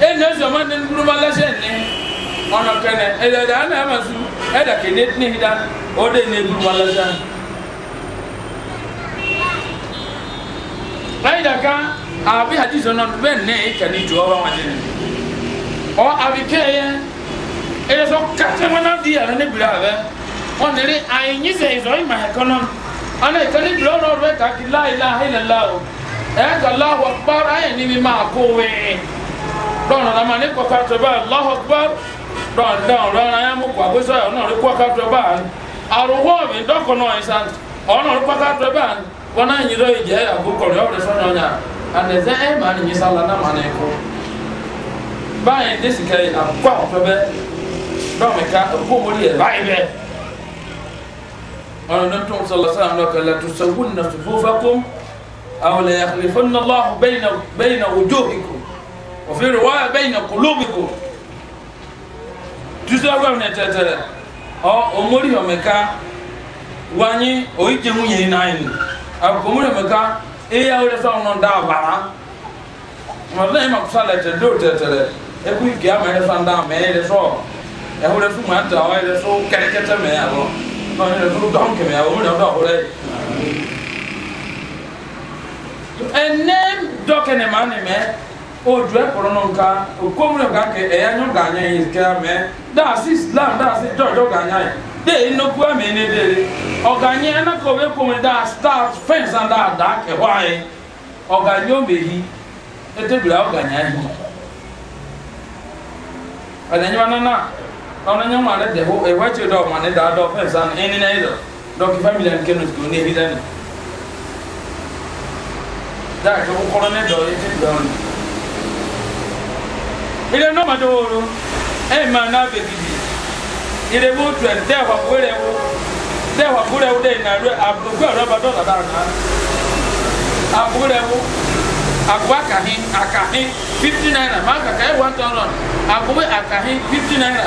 ene zɔma ne nukuruma lase ne ɔnɔ kɛnɛ ɛdɛ da ana ama su ɛdɛ e ke ne ne o de ne nukuruma lase ayi da ka abi hadi zɔnɔ bɛ ne kani jɔ wa ɔ abi kɛ yɛ ɛdɛ sɔ mana di yɛrɛ ne bila a bɛ ɔ nere nyi sɛ ima yɛ kɔnɔ ana bila ɔnɔ bɛ ka ki la o ɛ ka la wa e ma ko wɛɛ. dɔnna na ma ne kɔ ka tɔ ba alahu akbar dɔn dɔn dɔnna ya mu kɔ agbésɔ yɛ ɔnà ɔlẹ́kɔ ka tɔ ba arúgbó mi dɔkɔ náà yi san ɔnà ɔlẹ́kɔ ka tɔ ba wọn anyi dɔ yi jɛ abu kɔrɔ yɛ ɔlẹ́sɔ náà nya anɛsɛ ɛ ma ni nyisa la na ma ne kɔ báyìí ní sika yìí akɔ akɔtɔ bɛ dɔn mi ka ɛkó mo di yɛ báyìí bɛ ɔnà ní tó sɔlɔ sàn lɔ kɛlɛ tó àwọn lɛ yàtò lè وفي رواية بين قلوبكم تسرع من تتر أو أموري ومكا واني أويجمو ينين أو أموري ومكا إيه أولي سوى دابا mọ̀tò yìí ma kó sálẹ̀ tẹ̀ dó tẹ̀tẹ̀rẹ̀ ẹkú ìgbé ama yẹ sàn dáhùn mẹ́yẹ yẹ sọ ẹ̀hún yẹ sọ mọ̀ ẹ̀ntẹ̀ ọ̀ yẹ sọ kẹ́tẹ́kẹ́tẹ́ mẹ́yẹ àbọ̀ náà yẹ sọ dọ́hùn kẹ̀mẹ́ àbọ̀ ọ̀hún yẹ sọ ọ̀hún rẹ̀. ojú ẹ kọrọ náà nka kẹ nyọ yìí mẹ dàásì islam dàásì jọjọ yìí nnukwu ẹmí ni dèyí ọgànyà ẹ nàkà òwe kọmù dà start fẹns and dà dà kẹ hwa yìí ọgànyà ọmẹyì ẹtẹbìrì ọgànyà yìí ẹnìyàn nana ọ̀nànyàn mà lẹ dẹ̀wọ́ ẹ̀wọ́ ẹ̀kyẹ̀ dọ̀ mà lẹ dàá and ẹni náà yìí dọ̀ dọ̀kì fámìlì ẹni kẹ́nu tó ní ebi dẹ́nu dà kẹ́ kọ́kọ́rọ́ ile no madoro e ma na be bibi ile bo tu en te wa wo te de na ru abu ko ro ba do da na abu re wo abu akahi akahi 50 naira ma ka kai wan e ton ron abu akahi 50 naira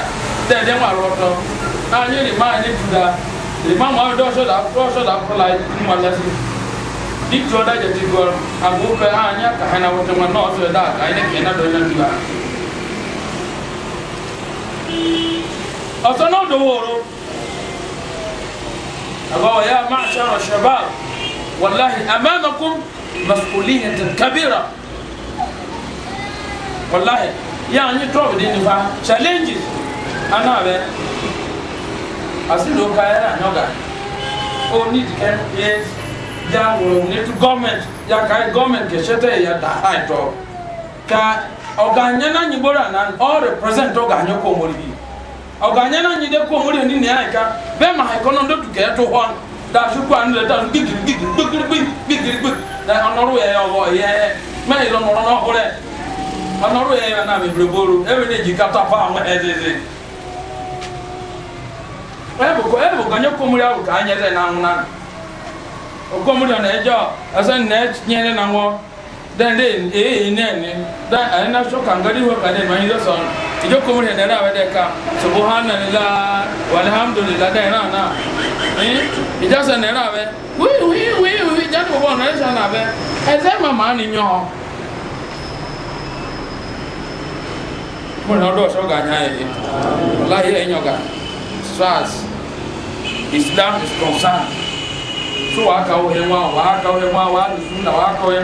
de de wa ro na ni ni ma ni ma ma do so da so la ni ma la si da je ti go abu anya ka wo ma no so da ka ni ke na ọ̀tọ́ náà dòwòrò àbáwọ̀ yá máa ṣàrọ̀ ṣàbá wàláhì àmánàkùn masukulihin kabira wàláhì yá anyi tọ́ọ̀bù dín nípa challenges aná bẹ àsìlò ká ẹ̀rọ ànyọ́gà ó ní ìdíkẹ́ yẹ yá wọ̀rọ̀ ní tu gọ́ọ̀mẹ̀ntì yá ká gọ́ọ̀mẹ̀ntì kẹ̀ṣẹ́tẹ̀ yẹ dàá àìtọ́ ká. oganya na nyibora na o represent oganyo ko mori oganya na nyide ko mori ni ya aika be ma ha kono ndo tuke ya hon da su kwa ni da ya ya ya ya ya ya na me breboru e me ji kata pa anwa ya dede ebo ko ebo ganyo ko mori ka anya ze na anwa na okomuri na na e na then de ee eh, eh, ne ne then ayi eh, na so kangari wa kade ma yizo son ijo ko mun da wa de ka subhanallah walhamdulillah da na na eh ija sa ne na we wi wi wi wi ja to bon na sa na be e se ma ma ni nyo mo na do so ga nya e wallahi e nyo ga sas islam is concerned so waka onye nwa waka onye nwa wa sunna waka onye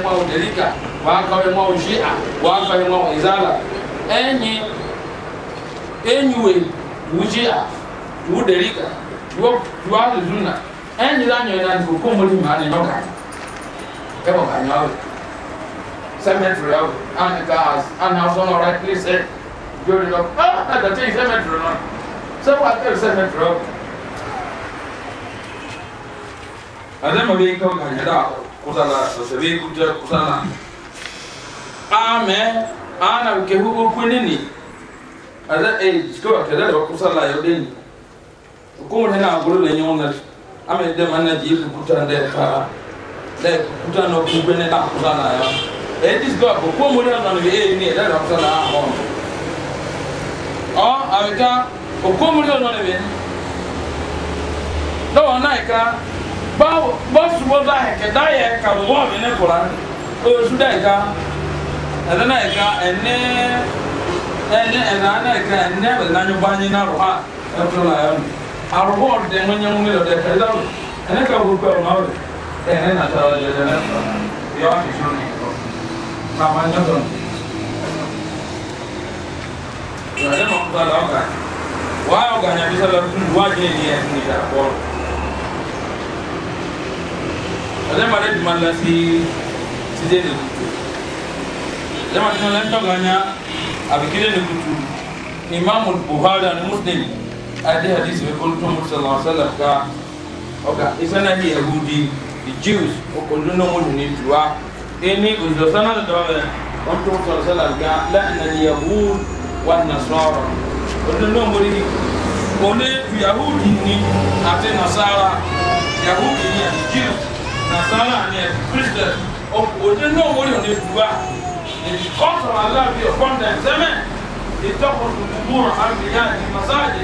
jia waka onye izala enyi enyiwe wujia wuderika wo enyi la nyo na ko ma e ka cemetery of and gas and has ah that cemetery no adama bi nka ka nyada kusala sasabi kuta kusala ame ana ke hubo kwenini ada e jiko ka da ba kusala yo deni ko mun na gulu le nyona ame de manna ji kuta de ka de kuta no ku bene na kusala ya e dis go ko ko mun na no e ni da ra kusala a ho o ameka ko ko mun na no ne be na ka báwo bọ́sù wo dá ẹ̀kẹ́ dá yẹ ẹ̀ka wọ́ mi ní kura ní oṣù dá ẹ̀ka ẹ̀dá náà ẹ̀ka ẹ̀ní ẹ̀ní ẹ̀dá náà ẹ̀ka ẹ̀ní ẹ̀bẹ̀dẹ̀ náà nyọba nyi náà rọ̀ ha ẹ̀fọ́ náà yọ̀ ní arúgbó ọ̀dẹ̀ ń nyẹ́ múmi lọ́dẹ̀ ẹ̀ka ẹ̀dá ẹ̀ní ká wọ́n kọ́ ọ̀nà ọ̀rẹ́ ẹ̀ní náà sọ̀rọ̀ ẹ̀dẹ̀ náà yọ̀ wáyé ọ̀gá ni abisalaam tún wájú ẹ̀yẹ ẹ̀ ń gbèjà bọ́ọ̀lù lema de duma la si sije de kutu lema tuma la ntɔ ganya a bi kutu imamu buhari ani muslim a de hadisi bi kɔn tɔmu sallallahu alaihi ka ɔka isana yi yahudi di jews o kɔn tɔmu mu nini tuwa eni ozo sana de dɔbɛ kɔn tɔmu sallallahu alaihi wa sallam ka la nani yahud wa nasara o tɔmu mu nini yahudi ni ati nasara yahudi ni a jews nasara ne christian òde náà wọ́n yọ̀ ní ìdúrà èyí kọ́tọ̀ aláàbí ọ̀pọ̀ ǹdà ìsẹ́mẹ̀ ìtọ́kùtù gbogbo àbíyá ní masáàjì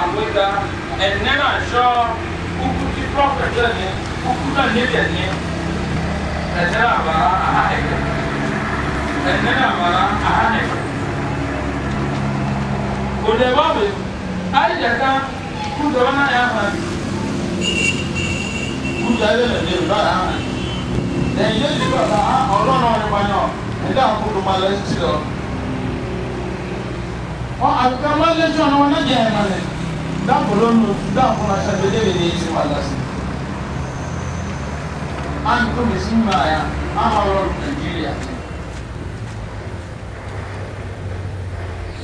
àgbéga ẹ̀nẹ́ náà ṣọ́ kúkú tí prophet ẹ̀ ní kúkú náà níbi ẹ̀ ní ẹ̀nẹ́ náà bàrà àhánẹ̀kẹ̀ ẹ̀nẹ́ náà bàrà àhánẹ̀kẹ̀. òde wọ́n mi ayíjẹ̀ká kúndọ̀ náà yà hàn kuta ɛbɛ na ɛdi ba ya hã na ɛyɛ ti ba ba ha ɔlɔ na ɔdi ba nyɔ ɛdi akɔ do ma lɛ ti lɔ ɔ abika ma lɛ tí ɔnɔ wọn ɛdi ɛna lɛ dapò lónu dapò na sɛ ɛdi ɛdi ɛdi ma lɛ si an tó mi si ma ya ama lɔ nàìjíríà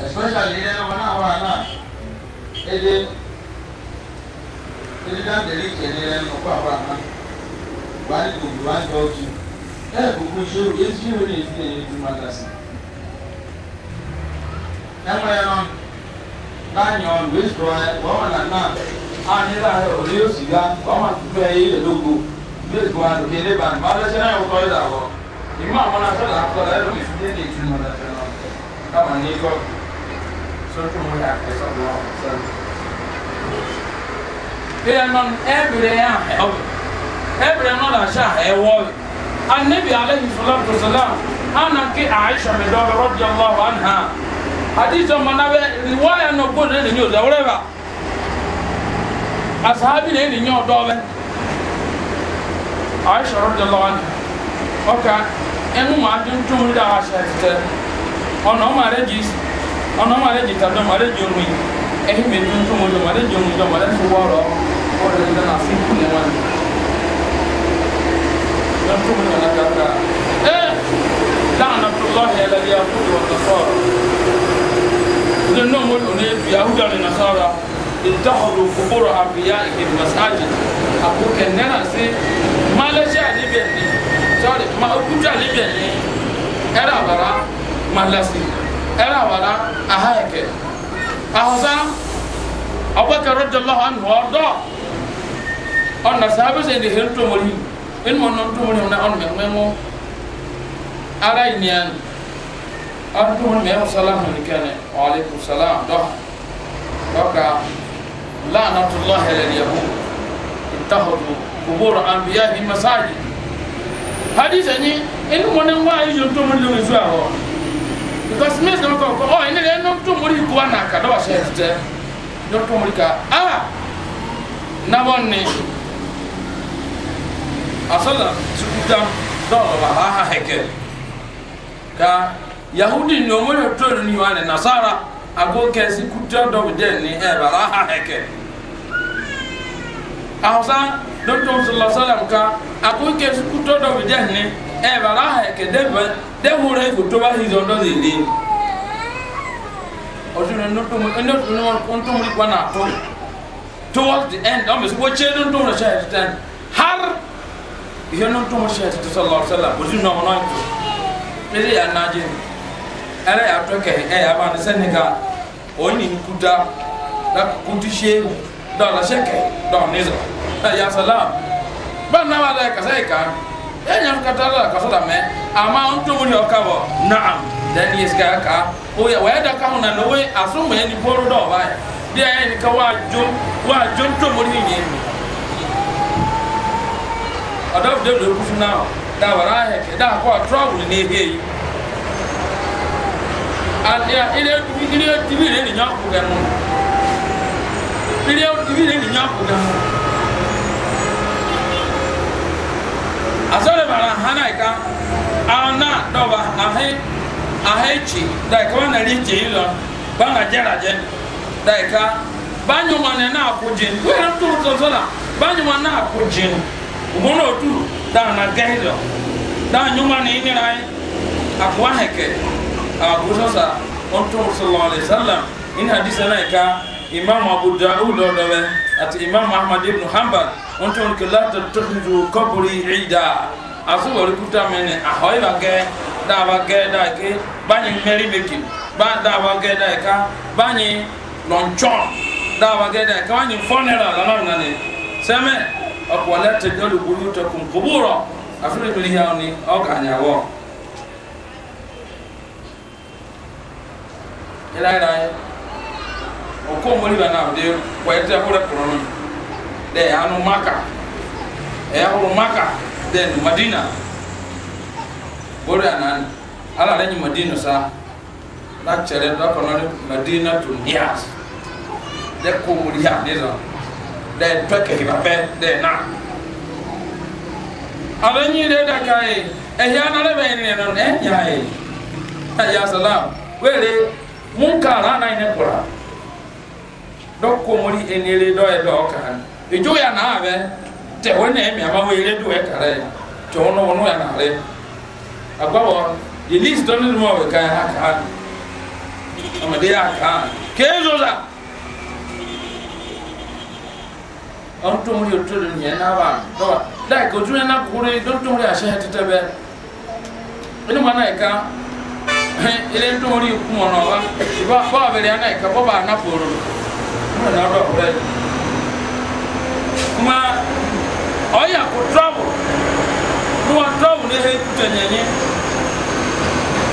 especially ɛdi náà wà náà Digital delete ni ẹ mọ̀ pàpà náà. Wàá kò bí wàá gbọ́ ojú. Ẹ kúkú ṣòro èsì yóò ní ìdílé yìí tó máa dà sí. Ẹ mọ ẹ náà. Láàyè ọ̀nà ìwé ìṣòro ẹ wọ́n wà lánà. A nílà òní yóò sì ga wọ́n máa tún bẹ́ẹ̀ yé lógo. Ilé ìgbò àdókè ní ìbàdàn. Máa lọ́sẹ̀ náà wọ́n kọ́ ìdàwọ̀. Ìmọ̀ ɛyɛ nɔn ɛbrɛ yɛ ahɛwɛ ɛbrɛ nɔ la hyɛ ahɛwɔwɛ anabi alayhi salatu salam ana ke aisha mi dɔbɛ rɔdi allahu anha hadisi ɔmɔ nabɛ riwaya nɔ gbɔ ne ni yɛ ɔdɛ wɛrɛ ba asahabi ne ni yɛ ɔdɔbɛ aisha rɔdi allahu anha ɔka ɛnu maa di ntumuri da ahyɛ tɛ ɔnɔ ɔmɔ arɛ gyi ɔnɔ ɔmɔ arɛ gyi ta dɔm arɛ gyi omi ɛhi mi di ntumuri dɔm arɛ gyi omi dɔm arɛ ti wɔrɔ wanda ne na sin ne man dan to mun na kaka eh la'natullah ala al-yahud wa nasara dan no mun Yahudi yahuda da nasara kubur qubur anbiya'ihim masajid abu kenana se malaysia ni be ni sorry ma okuta ni be ni era bara Malaysia, era bara ahayake ahosa abubakar radiyallahu anhu warda on na sahabu se de hen to mori en mon non to mori na on me memo ara inian on to mori me salam ni kana wa alaikum salam do doka la'natullahi ala yahud ittakhadhu qubur anbiya'i masajid hadisa ni en mon en wa yon to mori lo zuwa ho because mes na ko ko oh, o en le non to mori ko na ka do se te do to mori ka ah na wonne asala tukuta dɔw ba ha ha hɛkɛ ka yahudi ni ɔmo yɛ tɔn ni wa ni nasara ago kɛse kuta dɔw dɛ ni ɛ ba ha ha hɛkɛ ahosan dɔtɔn sɔlɔ sɔlɔm ka ago kɛse kuta dɔw dɛ ni ɛ ba ha hɛkɛ dɛ bɛ dɛ wura yi ko tɔba yi zɔn dɔ de le ɔtun ni ntomo ntomo ni kpa na to towards the end ɔmɛ sɛ wɔkyɛ ntomo the chair ɛtutan har ihe no ntomo hyɛ tete sɛ lɔ sɛ la ozi nɔ ɔnɔ nto ɛdi yɛ anagye ɛrɛ yɛ atɔ kɛ ɛyɛ aba ne sɛne ka ɔnyi nkuta na kutu hyɛ dɔ la hyɛ kɛ dɔ ne zɔ ɛ yɛ asalaam ba na ba lɛ kasa yɛ ka ɛyɛ nyɛ nkata la kasa la mɛ ama ntomo yɛ ɔka wɔ naam dɛni yɛ sika ka oyɛ wɔyɛ dɛ ka ho na na oye aso mɛ ni bɔrɔ dɔ ɔba yɛ deɛ yɛ ni ka waa jo waa jo ntomo ni ọdọ bi dẹbi na da wara ahẹ da akọ atrọwul na ehe yi adia ilé ilé tibi mu hana ika ana dọba ahe ahe tsi da ika nari tsi yi bana da ika na ko jẹ wẹrẹ tó tó la banyuma na umono tu da na gaido da na ni ni rai akwa heke abuso sa onto sallallahu alaihi wasallam in hadisa na ka imam abu daud do be at imam ahmad ibn hanbal onto ke la ta tuhdu qabri ida asu wal kuta mene ahoy ba ge da ba ge da ke meri ba da ba ge da ka lonchon da ge da ka funeral la na ọkọ̀ wọlé tẹ̀gbẹ́lú burú tẹkùn kòbúrọ̀ àfihàn ìpínlẹ̀ yà ni ọgà ànyàwọ̀. yàrá yàrá yẹ ọkọ̀ mọ́lì bá nàbẹ̀dẹ wọ̀ ẹ̀ tẹ̀ kúrẹ́ kúrọ̀ nù dẹ̀ ẹ̀ hànú maka ẹ̀ hànú maka dẹ̀ nù madina bóri ala rẹ̀ nyi madina sa lákyẹrẹ dọ́kọ̀ náà madina tó níyà dẹ̀ kó mọ́lì yà nílò dɛ pɛ kɛkɛ pɛ dɛ na a nyi de da ka ye ɛhia na de bɛ yen nɔ ɛ nya ye ɛ yasala wele mun kaara na yin kura dɔ komori enere dɔ ye dɔ kan ijo ya na abɛ tɛ o nɛ mi a ma wele do ɛ kara ye tɔn no wɔn ya na re a gba wɔ elise dɔɔni mu a bɛ ka ye a kan amadi y'a kan keezo la. Eh, on to muri to ni ya na ba to da ko juna na kure don to muri a sha ta tabe ina mana ka ile to muri ku mo no ba ba ba be ya na ka ba ba na poro na na ba ba kuma oya oh, ko trouble ko trouble ne he kutanyenye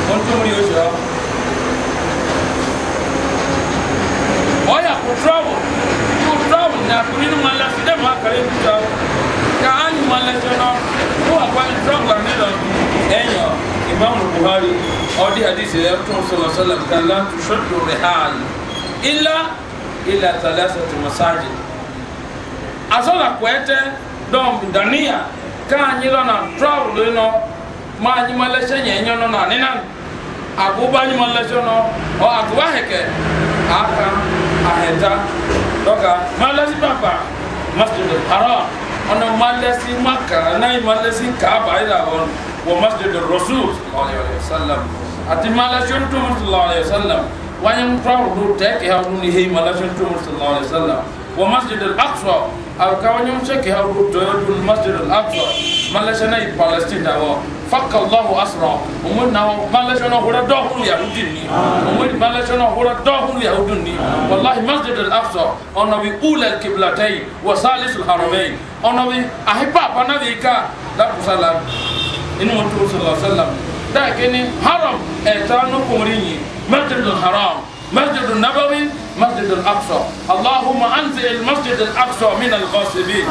on to muri o sha oya ko trouble na kuninu ma la sida ma kare kuta ka an ma la jono ko akwa ndrogla ne lo enyo imam buhari odi hadisi ya rasul sallallahu alaihi wasallam kan la tushaddu rihal illa ila thalathati masajid asola kwete dom dania ka anyi lo na travel no ma anyi ma la shenye enyo no na ninan aguba anyi ma la jono o aguba heke aka aheta dɔnka malasi papa masjidul haram ɔnɔ malasi maka n'ayi malasi kaaba ayi la wɔn wɔ masjidul rasul sallallahu alayhi wa sallam ati malasi ɔntum sallallahu alayhi wa sallam wani kuraw do tɛki ha ɔnum ni hei malasi ɔntum sallallahu alayhi wa sallam wɔ masjidul aqsa awo ka wani ɔnum sɛki ha ɔnum tɔyɔ dun masjidul aqsa malasi n'ayi palestine da wɔn fakka allahu asra umur na balasho na hura do hunu ya hudun ni umur balasho na hura do hunu ya hudun ni wallahi masjid al aqsa ona bi ula al qiblatai wa salis al haramain ona bi ahipa pana bi ka da kusala inu mutu sallallahu alaihi wasallam da kini haram etanu kumrini masjid al haram masjid al nabawi مسجد الأقصى اللهم أنزل المسجد الأقصى من الغاصبين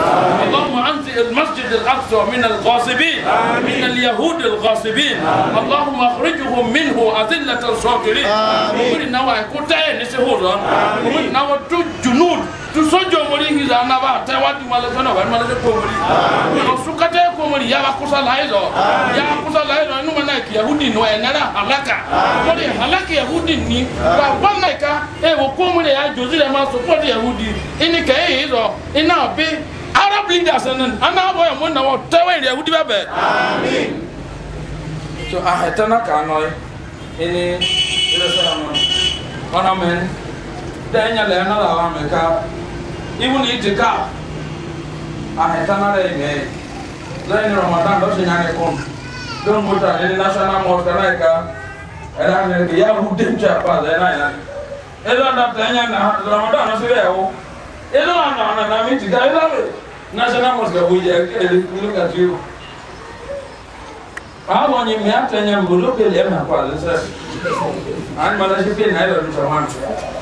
اللهم أنزل المسجد الأقصى من الغاصبين من اليهود الغاصبين اللهم أخرجهم منه أذلة الصاغرين ومن نوى كتائن سهولا ومن نوى جنود tu sojo mori hiza na ba ta wadi mala sono ba mala ko mori no sukate ko mori ya ba kusa laizo ya kusa laizo nu mana ki yahudi no e nana halaka mori halaka yahudi ni ba bana ka e wo ko mori ya jozi le ma so ko yahudi ini ka e hizo ina be arab leaders nan ana boy mo na wo tawe yahudi ba be amen so ahetana ka noy ini ila salamu ona men denya le na la wa me ka even eat the cow. I had another name. Then Ramadan doesn't have a con. Don't put an international motor like her. Uh, and I'm the Yahoo Dimcha, but then I am. Ellen of the Yan Ramadan is there. Ellen, I'm not going to die. National Moscow, we look at you. I want you to have to look at him, my father said. I'm going to be in heaven for one.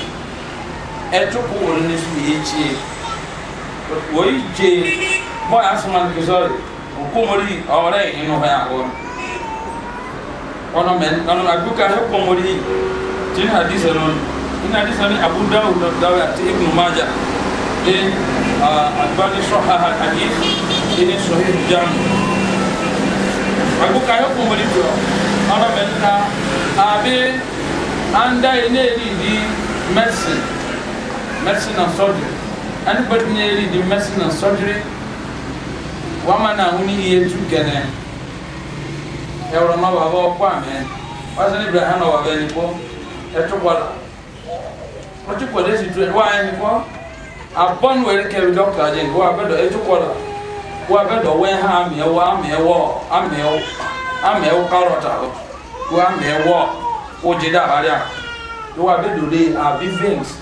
ɛtuku wɔn ne so yɛ kyie wɔyi gye bɔɔl asoman kisɔri nkomori ɔwɔrɛ inu hɔ awɔ ɔno mɛ ɔno aduka hɛ komori tin hadisa no tin hadisa ni abu dawud na dawud ati ibnu maja de adibani sɔha ha hadis ɛni sɔhi jam aduka hɛ komori jɔ ɔno mɛ abe anda yi ne yi di mɛsin. medicine and surgery anybody na the medicine and surgery wama etu kene ewuro na ọbaba ọkwa ame wazị na ibrahim na ọbaba enigbo esi tu wa enigbo abọn were kere dọkịta jen wa abedọ etukwara wa abedọ ha amịewo amịewo amịewo amịewo karọt a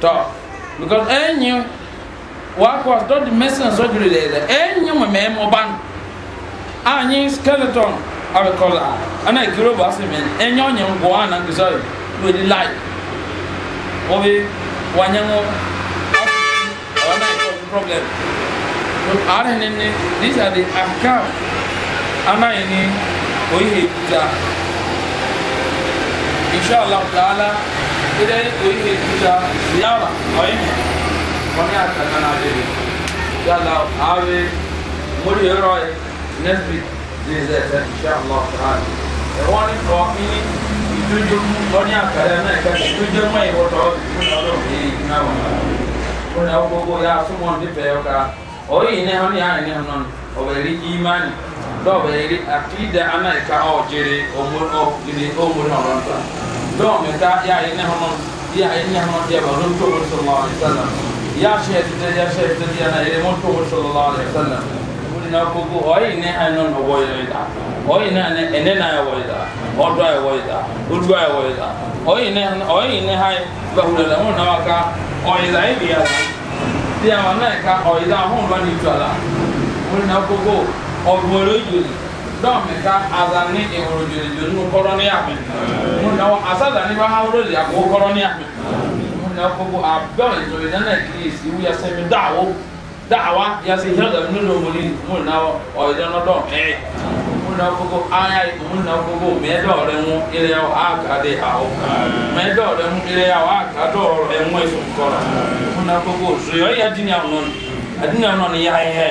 tɔ because ɛnyi wakɔ dɔdi mɛsina sɔjuri lɛ lɛ ɛnyi mo mɛ mo ban anyi skeleton abe kɔla ana ekiro ba se mɛ ɛnyi ɔnyi ŋgɔ ana nkisɛ yi wo di lai wo bi wanyɛ ŋo ɔwɔ na yi kɔsu problem so ara ni ni these are the akam ana yi ni oyi he ta inshallah taala idan koyi ne tuta ziyara ayin wani a tsakana bebe yalla awe muri yoro next week zai zai ta insha Allah ta'ala e wani ko ni ijuju wani a kare na ka ijuju mai wato kuna zo ni na wannan kuna gogo ya sumo ndi pe yoka oyi ne hanu ya ne hanu obere imani do obere akida ana ka o jere o mo o ni o mo na ran ta دون متى يا إنهم يا إنهم يا بنون توبر صلى الله عليه وسلم يا شهد يا شهد يا نيرمون توبر صلى الله عليه وسلم na kogo ɔyi ne anon ɔwɔ yi da ɔyi ne ne ene na ɛwɔ yi da ɔdɔ ɛwɔ yi da odu ɛwɔ yi da ɔyi ne ɔyi ne ha bahura la mo na waka ɔyi da ebi ya la ti ama na ɛka ɔyi da ho ba ni tu ala mo na kogo ɔgbɔn lo yi dɔmi ka azani ehoro joli joli mu kɔrɔ ni yami mu na asazani ba ha wolo ya ko kɔrɔ ni yami mu na ko ko a dɔmi joli na kiri si wu ya sɛmi daawo daawa ya se hɛrɛ dɔmi nu mu na ɔyɛ dɔn dɔn ɛɛ mu na ko aya yi mu na ko mɛ dɔw rɛ ŋu ele yawo a ka de awo mɛ dɔw rɛ ŋu ele yawo a ka dɔw rɛ ŋu esu kɔrɔ mu na ko ko zoyɔ ya di ni a ni a yɛ.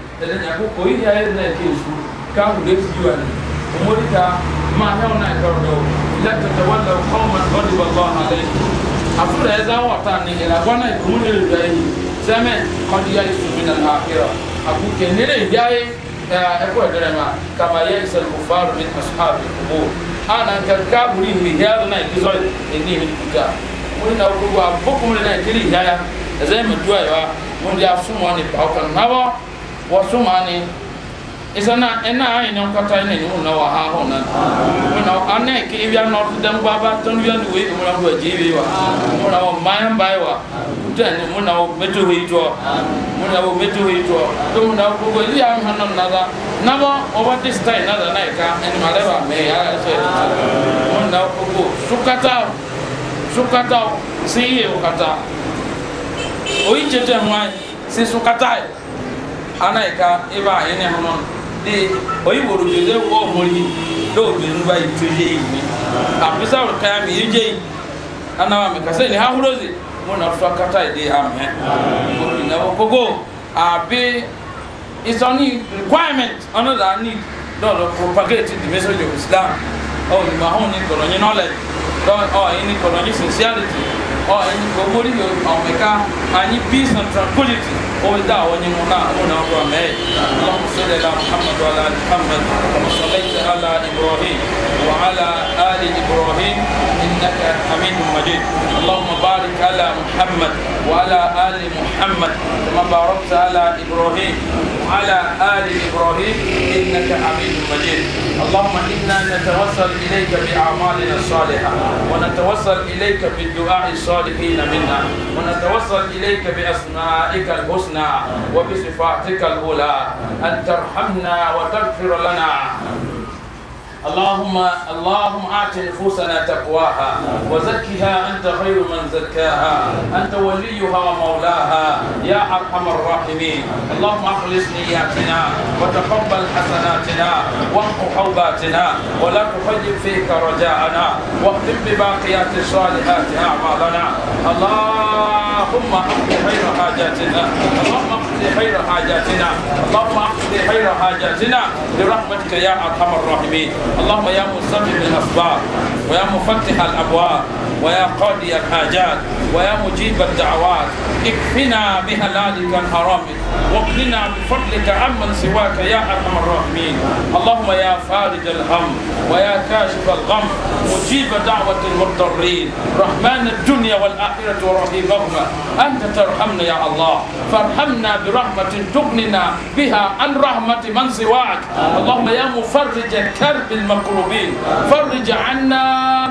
ɛdɛ nyako koyi ya yɛ na ɛkɛ esu kan wuli eti yi wa ni omori ta ma hɛn na ɛkɛ ɔdɔ ilẹ tẹtẹ wọn lɛ kɔn ma ɔdi bɔ lɔ ha lɛ afura yɛ zan wɔta ni ɛlɛ agbɔ na ɛkɛ omori yɛ yi sɛmɛ ɔdi ya esu mi na ha kira aku kɛ nere yi ya yɛ ɛkɔ ɛdɛrɛ ma kama yɛ sɛlɛ ofaru mi asuhabi kubo ana nka kaburi mi na ɛkɛ zɔ ɛdi mi kuta omori na wɔkɔ wa bokumuni na ɛkɛ li ya ya ɛzɛ mi du ayiwa ni pa ɔkan wɔsomane ɛsɛ na ɛna ayɛ ne nkɔta ne ne mu na wɔ ha hɔ na na ana ke ewia na ɔte dɛm ba ba tɔn wia ne wei mu na ho agye wi wa mu na wɔ mman mbae wa kuta ne mu na wɔ meto hɔ yi toɔ mu na wɔ meto hɔ yi toɔ to mu na wɔ gbogbo eyi ahụ ha na da na bɔ ɔbɔ de style na da na ɛka ɛne ma lɛ ba mɛ ya ɛsɛ mu na wɔ gbogbo sukata sukata si yie wɔ kata oyi tete ho ayi si sukata yi. E. anayi ka ebe a ene hono dị oyi woro jose wo mori do biru ba ito je yi apisa wor kaya mi je yi ana wa mi kase ha hurozi mo na fa kata ide na gogo abi it's only requirement another need propagate the message of islam oh ma omori mi ọmọka anyi peace and tranquility owó dá àwọn yẹn mu náà wọn náà wọ mẹ́ẹ̀. aláhùn sọ́dẹ̀ la muhammadu ala muhammad ọmọ sọ́lẹ́yìn ala ibrahim. وعلى آل إبراهيم إنك حميد مجيد اللهم بارك على محمد وعلى آل محمد كما باركت على إبراهيم وعلى آل إبراهيم إنك حميد مجيد اللهم إنا نتوسل إليك بأعمالنا الصالحة ونتوسل إليك بالدعاء الصالحين منا ونتوسل إليك بأسمائك الحسنى وبصفاتك الأولى أن ترحمنا وتغفر لنا اللهم اللهم آت نفوسنا تقواها وزكها أنت خير من زكاها أنت وليها ومولاها يا أرحم الراحمين اللهم أخلص نياتنا وتقبل حسناتنا وامحو حوباتنا ولا تخيب فيك رجاءنا واختم بباقيات الصالحات أعمالنا اللهم اقض خير حاجاتنا اللهم خير حاجاتنا اللهم اقض خير حاجاتنا برحمتك يا ارحم الراحمين اللهم يا مسبب الاسباب ويا مفتح الابواب ويا قاضي الحاجات ويا مجيب الدعوات اكفنا بهلالك الحرام واقلنا بفضلك عمن سواك يا ارحم الراحمين اللهم يا فارج الهم ويا كاشف الغم مجيب دعوه المضطرين رحمن الدنيا والاخره ورحيمهما انت ترحمنا يا الله فارحمنا برحمة تغننا بها عن رحمة من سواك اللهم يا مفرج كرب المكروبين فرج عنا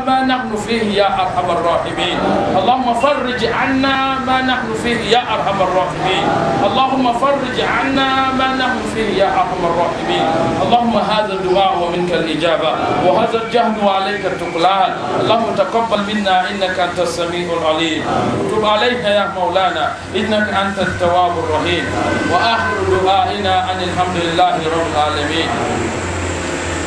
ما نحن فيه يا أرحم الراحمين اللهم فرج عنا ما نحن فيه يا أرحم الراحمين اللهم فرج عنا ما نحن فيه يا أرحم الراحمين اللهم هذا الدعاء ومنك الإجابة وهذا الجهد وعليك التقلال اللهم تقبل منا إنك أنت السميع العليم وتب علينا يا مولانا إنك أنت التواب الرحيم وآخر دعائنا أن الحمد لله رب العالمين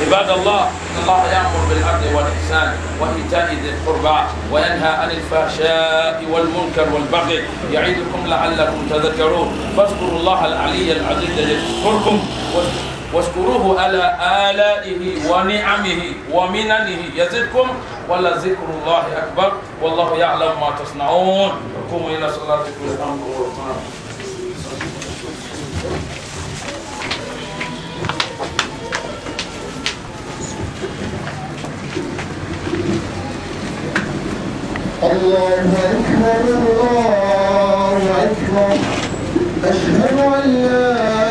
عباد الله ان الله يأمر بالعدل والإحسان وإيتاء ذي القربى وينهى عن الفحشاء والمنكر والبغي يعيدكم لعلكم تذكرون فاذكروا الله العلي العزيز يذكركم واشكروه على آلائه ونعمه ومننه يزدكم ولذكر الله أكبر والله يعلم ما تصنعون قوموا إلى صلاتكم الأمر والقرآن الله أكبر الله أكبر أشهد أن لا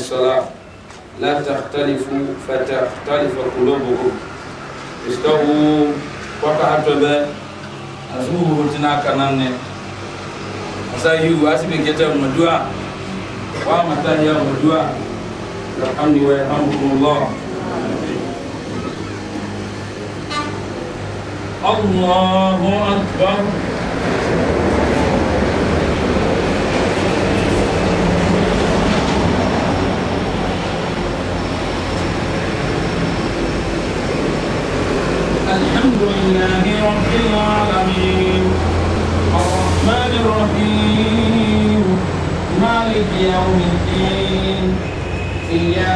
الصلاة لا تختلفوا فتختلف قلوبكم استو وقعت تبا أسوه تنا كنان أسايو أسمي كتاب مدوع وما يا مدوا الحمد ويرحمكم الله الله أكبر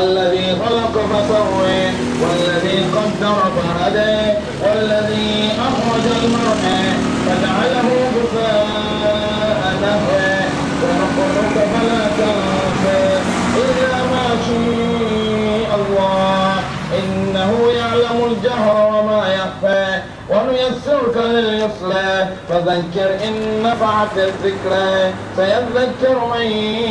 الذي خلق فصوي والذي قدر فهدى والذي أخرج المرعى فجعله غثاء اليسرى فذكر إن نفعت الذكرى سيذكر من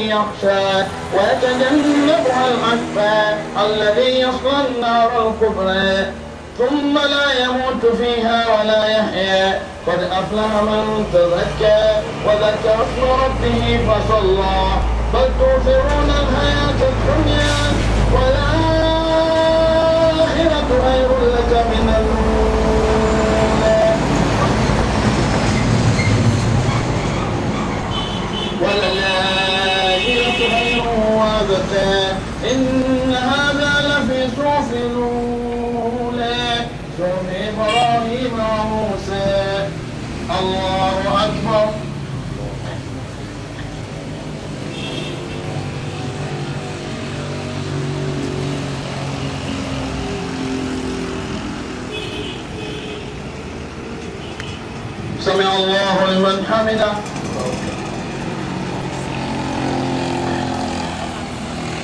يخشى ويتجنبها الأشفى الذي يصلى النار الكبرى ثم لا يموت فيها ولا يحيا قد أفلح من تزكى وذكر اسم ربه فصلى بل توفرون الحياة الدنيا والآخرة خير لك من الموت والآخرة خير وأبقى إن هذا لفي صحف الأولى صحف إبراهيم وموسى الله أكبر سمع الله لمن حمده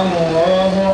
الله